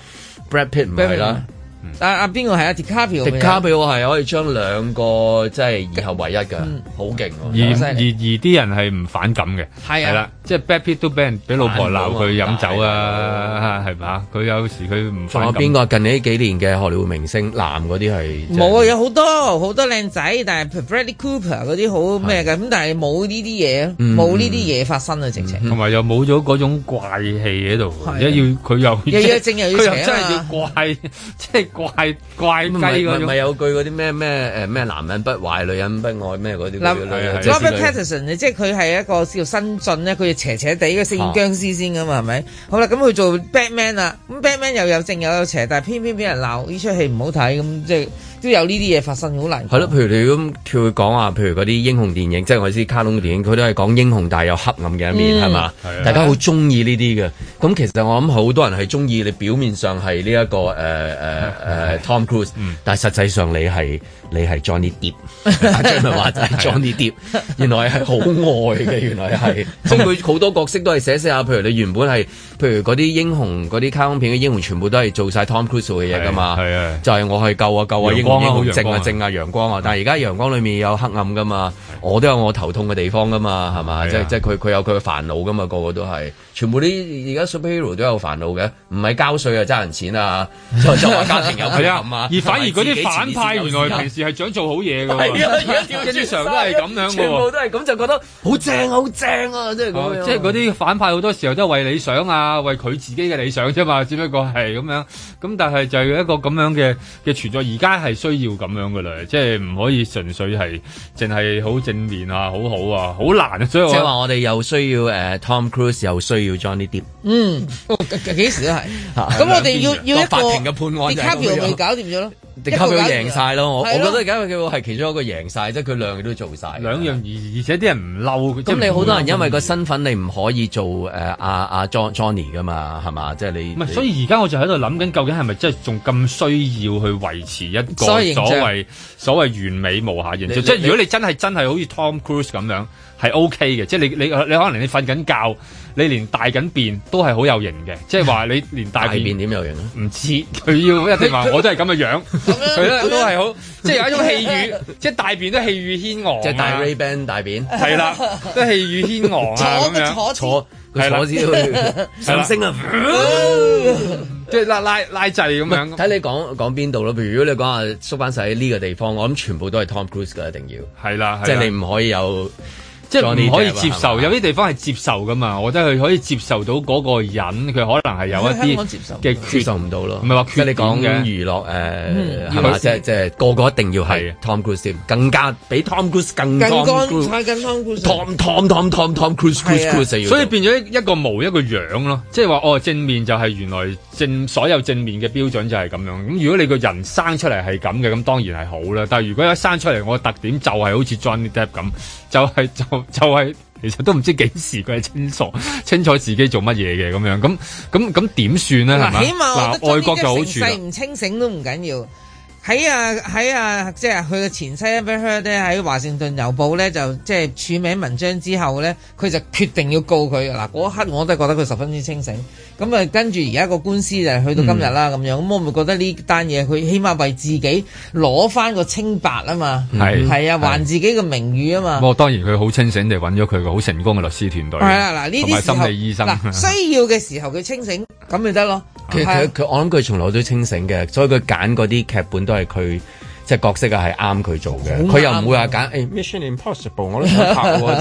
，Brad Pitt 唔係啦。 [laughs] 但阿邊個係啊？迪卡比迪卡比，我係可以將兩個即係二合為一嘅，好勁，而而而啲人係唔反感嘅，係啦，即係 Brad Pitt 都俾人俾老婆鬧佢飲酒啊，係嘛？佢有時佢唔反感。仲有邊個近呢幾年嘅荷里活明星男嗰啲係冇啊？有好多好多靚仔，但係 Bradley Cooper 嗰啲好咩嘅咁，但係冇呢啲嘢，冇呢啲嘢發生啊！直情，同埋又冇咗嗰種怪氣喺度，而家要佢又又要正又要邪啊！佢真係要怪，即係。怪怪雞嗰種，唔係有句嗰啲咩咩誒咩男人不壞女人不愛咩嗰啲嗰啲。Robert Pattinson 咧，即係佢係一個叫新晉咧，佢要邪邪地嘅飾演僵屍先嘅嘛係咪？好啦，咁佢做 Batman 啦，咁 Batman 又有正又有邪，但係偏偏俾人鬧呢出戲唔好睇咁即係。都有呢啲嘢發生，好難。係咯，譬如你咁叫佢講話，譬如嗰啲英雄電影，即係我意思卡通電影，佢都係講英雄，但係有黑暗嘅一面，係、嗯、嘛？大家好鍾意呢啲嘅。咁、嗯、其實我諗好多人係鍾意你表面上係呢一個誒誒誒 Tom Cruise，但係實際上你係。你係 Johnny Depp，阿張咪話齋 Johnny Depp，原來係好愛嘅，原來係，即係佢好多角色都係寫寫下，譬如你原本係，譬如嗰啲英雄嗰啲卡通片嘅英雄，英雄全部都係做晒 Tom Cruise 嘅嘢噶嘛，係啊，啊就係我去救啊救啊英雄啊英雄，正啊正啊，啊，啊陽光啊，但係而家陽光裡面有黑暗噶嘛，啊、我都有我頭痛嘅地方噶嘛，係嘛、啊，即係即係佢佢有佢嘅煩惱噶嘛，個個都係。全部啲而家 superhero 都有煩惱嘅，唔係交稅啊，爭人錢啊，家庭有佢啊。而 [laughs] 反而啲反派原來平時係想做好嘢嘅、啊，正常 [laughs] 都係咁樣嘅、啊、喎。全部都係咁就覺得好正好正啊，即係咁。即係啲反派好多時候都係為理想啊，為佢自己嘅理想啫嘛、啊，只不過係咁樣，咁但係就係一個咁樣嘅嘅存在，而家係需要咁樣嘅啦，即係唔可以純粹係淨係好正面啊，好好啊，好難啊。所以我即係話我哋又需要誒、啊、Tom Cruise 又需。要裝呢啲，嗯，幾時都係，咁 [laughs] 我哋要 [laughs] 要，要法庭嘅判案就搞掂咗咯，迪卡普贏晒咯，我的我覺得而家佢係其中一個贏晒，即係佢兩樣都做晒，兩樣而而且啲人唔嬲，咁你好多人因為個身份你唔可以做誒阿阿 Johnny 噶嘛，係嘛，即係你，唔係，所以而家我就喺度諗緊，究竟係咪真係仲咁需要去維持一個所謂所謂完美無瑕嘅形象？你即係如果你真係真係好似 Tom Cruise 咁樣。係 OK 嘅，即係你你你可能你瞓緊覺，你連大緊便都係好有型嘅，即係話你連大便點有型啊？唔知佢要，一定話我都係咁嘅樣，佢都係好，即係有一種氣宇，即係大便都氣宇軒昂。即係大 Ray Ban 大便，係啦，都氣宇軒昂啊，坐坐坐，係上升啊，即係拉拉拉滯咁樣。睇你講講邊度咯，譬如果你講啊縮翻晒喺呢個地方，我諗全部都係 Tom Cruise 嘅，一定要係啦，即係你唔可以有。即係可以接受，有啲地方係接受噶嘛？我覺得佢可以接受到嗰個人，佢可能係有一啲嘅接受唔到咯。唔係話你講緊娛樂，誒係咪？即係即係個個一定要係 Tom Cruise，更加比 Tom Cruise 更加 Tom Tom Tom Tom Tom Cruise Cruise Cruise 要。所以變咗一個模一個樣咯。即係話哦，正面就係原來正所有正面嘅標準就係咁樣。咁如果你個人生出嚟係咁嘅，咁當然係好啦。但係如果一生出嚟，我個特點就係好似 Johnny Depp 咁，就係就。就係、是、其實都唔知幾時佢係清楚，清楚自己做乜嘢嘅，咁樣咁咁咁點算咧？係咪？嗱，外國就好處唔清醒都唔緊要，要。喺啊，喺啊，即係佢嘅前妻，被咧喺華盛頓郵報咧就即係署名文章之後咧，佢就決定要告佢嗱。嗰一刻我都覺得佢十分之清醒。咁啊，跟住而家個官司就去到今日啦咁、嗯、樣。咁我咪覺得呢單嘢佢起碼為自己攞翻個清白啊嘛，係係是啊，還自己嘅名譽啊嘛。我當然佢好清醒地揾咗佢個好成功嘅律師團隊，係啦、啊，嗱呢啲心理醫生、啊。需要嘅時候佢清醒咁咪得咯。 [laughs] 佢佢我諗佢從來都清醒嘅，所以佢揀嗰啲劇本都係佢即角色啊，係啱佢做嘅。佢又唔會話揀《 [music] 欸、Mission Impossible》，我都想拍過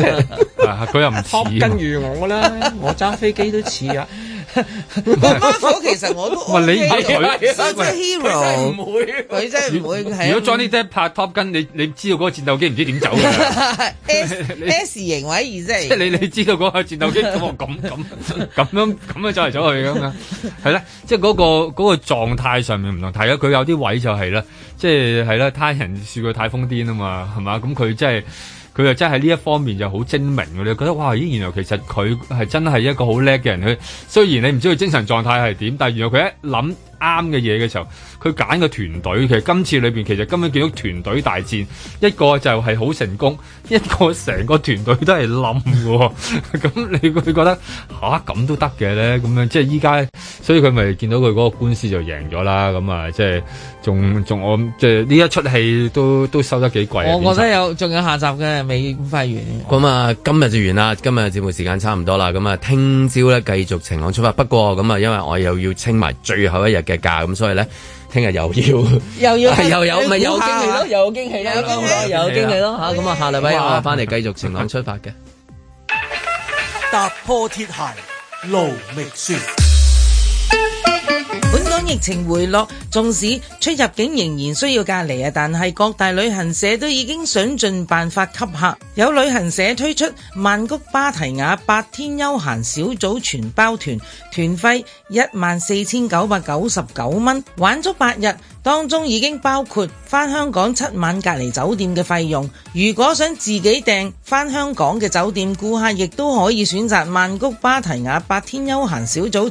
佢 [laughs] [laughs] 又唔似。跟住我啦，我揸飛機都似啊。媽火，其實我都，唔係你睇佢，即係 Hero，真係唔會，佢真係唔會。如果 Johnny Depp 拍 Top Gun，你，你知道嗰個戰鬥機唔知點走嘅。S 型位即係，即係你你知道嗰個戰鬥機，咁咁咁樣咁樣走嚟走去咁樣，係啦，即係嗰個嗰個狀態上面唔同。睇咗佢有啲位就係啦，即係係啦，他人說佢太瘋癲啊嘛，係嘛，咁佢真係。佢又真係呢一方面就好精明，你又覺得哇，咦，原來其實佢係真係一個好叻嘅人。佢雖然你唔知佢精神狀態係點，但係原來佢一諗。啱嘅嘢嘅時候，佢揀個團隊其實今次裏邊其實今日見到團隊大戰，一個就係好成功，一個成個團隊都係冧嘅喎。咁 [laughs] 你會覺得吓，咁都得嘅咧？咁樣，樣即係依家，所以佢咪見到佢嗰個官司就贏咗啦。咁啊，即係仲仲我即係呢一出戲都都收得幾貴啊。我覺得有仲前有下集嘅，未快、嗯、完。咁啊，今日就完啦。今日節目時間差唔多啦。咁啊，聽朝咧繼續晴朗出發。不過咁啊，因為我又要清埋最後一日嘅。價咁，所以咧，聽日又要，又要，又有咪有驚喜咯，有驚喜啦，有驚喜，有驚喜咯吓，咁啊，下禮拜我翻嚟繼續晴朗出發嘅，踏破鐵鞋路未絕。疫情回落，縱使出入境仍然需要隔離啊，但係各大旅行社都已經想盡辦法吸客。有旅行社推出曼谷芭提雅八天休閒小組全包團，團費一萬四千九百九十九蚊，玩足八日。當中已經包括返香港七晚隔離酒店嘅費用。如果想自己訂返香港嘅酒店顧，顧客亦都可以選擇曼谷芭提雅八天休閒小組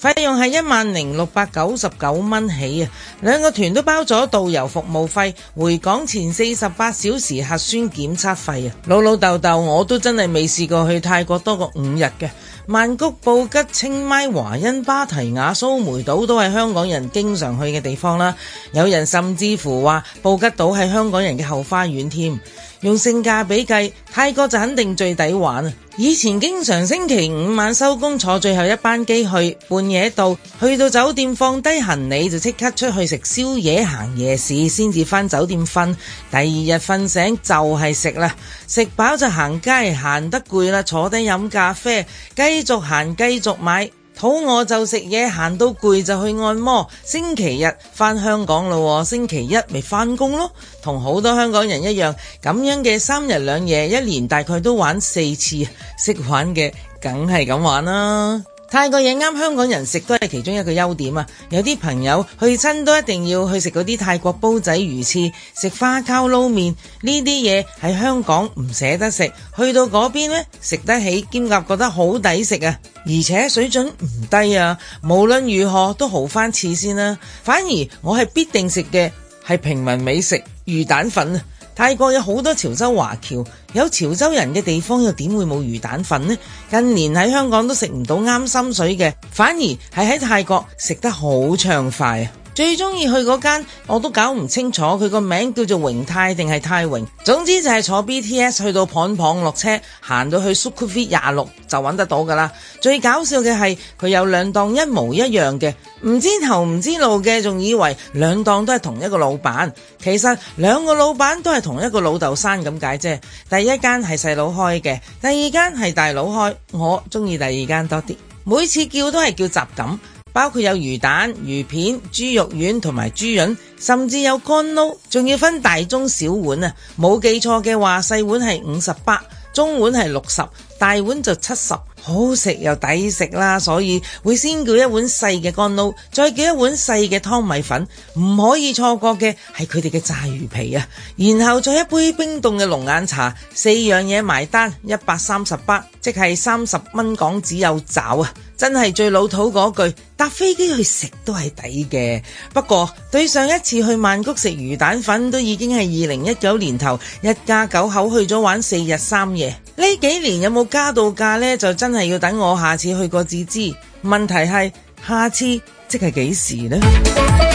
團，費用係一萬零六百九十九蚊起啊！兩個團都包咗導遊服務費、回港前四十八小時核酸檢測費啊！老老豆豆，我都真係未試過去泰國多過五日嘅。曼谷、布吉、清邁、華欣、芭提雅、蘇梅島都係香港人經常去嘅地方啦。有人甚至乎話，布吉島係香港人嘅後花園添。用性價比計，泰國就肯定最抵玩。以前經常星期五晚收工，坐最後一班機去，半夜到，去到酒店放低行李，就即刻出去食宵夜、行夜市，先至返酒店瞓。第二日瞓醒就係食啦，食飽就行街，行得攰啦，坐低飲咖啡，繼續行，繼續買。肚餓就食嘢，行到攰就去按摩。星期日返香港咯，星期一咪返工咯。同好多香港人一樣，咁樣嘅三日兩夜，一年大概都玩四次。識玩嘅梗係咁玩啦。泰國嘢啱香港人食都係其中一個優點啊！有啲朋友去親都一定要去食嗰啲泰國煲仔魚翅、食花膠撈麵呢啲嘢，喺香港唔捨得食，去到嗰邊呢食得起，兼夾覺得好抵食啊！而且水準唔低啊！無論如何都好翻次先啦。啊，反而我係必定食嘅係平民美食魚蛋粉。泰國有好多潮州華僑，有潮州人嘅地方又點會冇魚蛋粉呢？近年喺香港都食唔到啱心水嘅，反而係喺泰國食得好暢快啊！最中意去嗰間，我都搞唔清楚佢個名叫做榮泰定係泰榮，總之就係坐 BTS 去到胖胖落車，行到去 Sukhumvit 廿六就揾得到噶啦。最搞笑嘅係佢有兩檔一模一樣嘅，唔知頭唔知路嘅，仲以為兩檔都係同一個老闆，其實兩個老闆都係同一個老豆山咁解啫。第一間係細佬開嘅，第二間係大佬開，我中意第二間多啲。每次叫都係叫雜錦。包括有魚蛋、魚片、豬肉丸同埋豬潤，甚至有乾撈，仲要分大、中、小碗啊！冇記錯嘅話，細碗係五十八，中碗係六十，大碗就七十。好食又抵食啦，所以會先叫一碗細嘅乾撈，再叫一碗細嘅湯米粉。唔可以錯過嘅係佢哋嘅炸魚皮啊，然後再一杯冰凍嘅龍眼茶。四樣嘢埋單一百三十八，8，即係三十蚊港紙有找啊！真係最老土嗰句，搭飛機去食都係抵嘅。不過對上一次去曼谷食魚蛋粉都已經係二零一九年頭，一家九口去咗玩四日三夜。呢幾年有冇加到價呢？就真。真係要等我下次去過至知，問題係，下次即係幾時呢？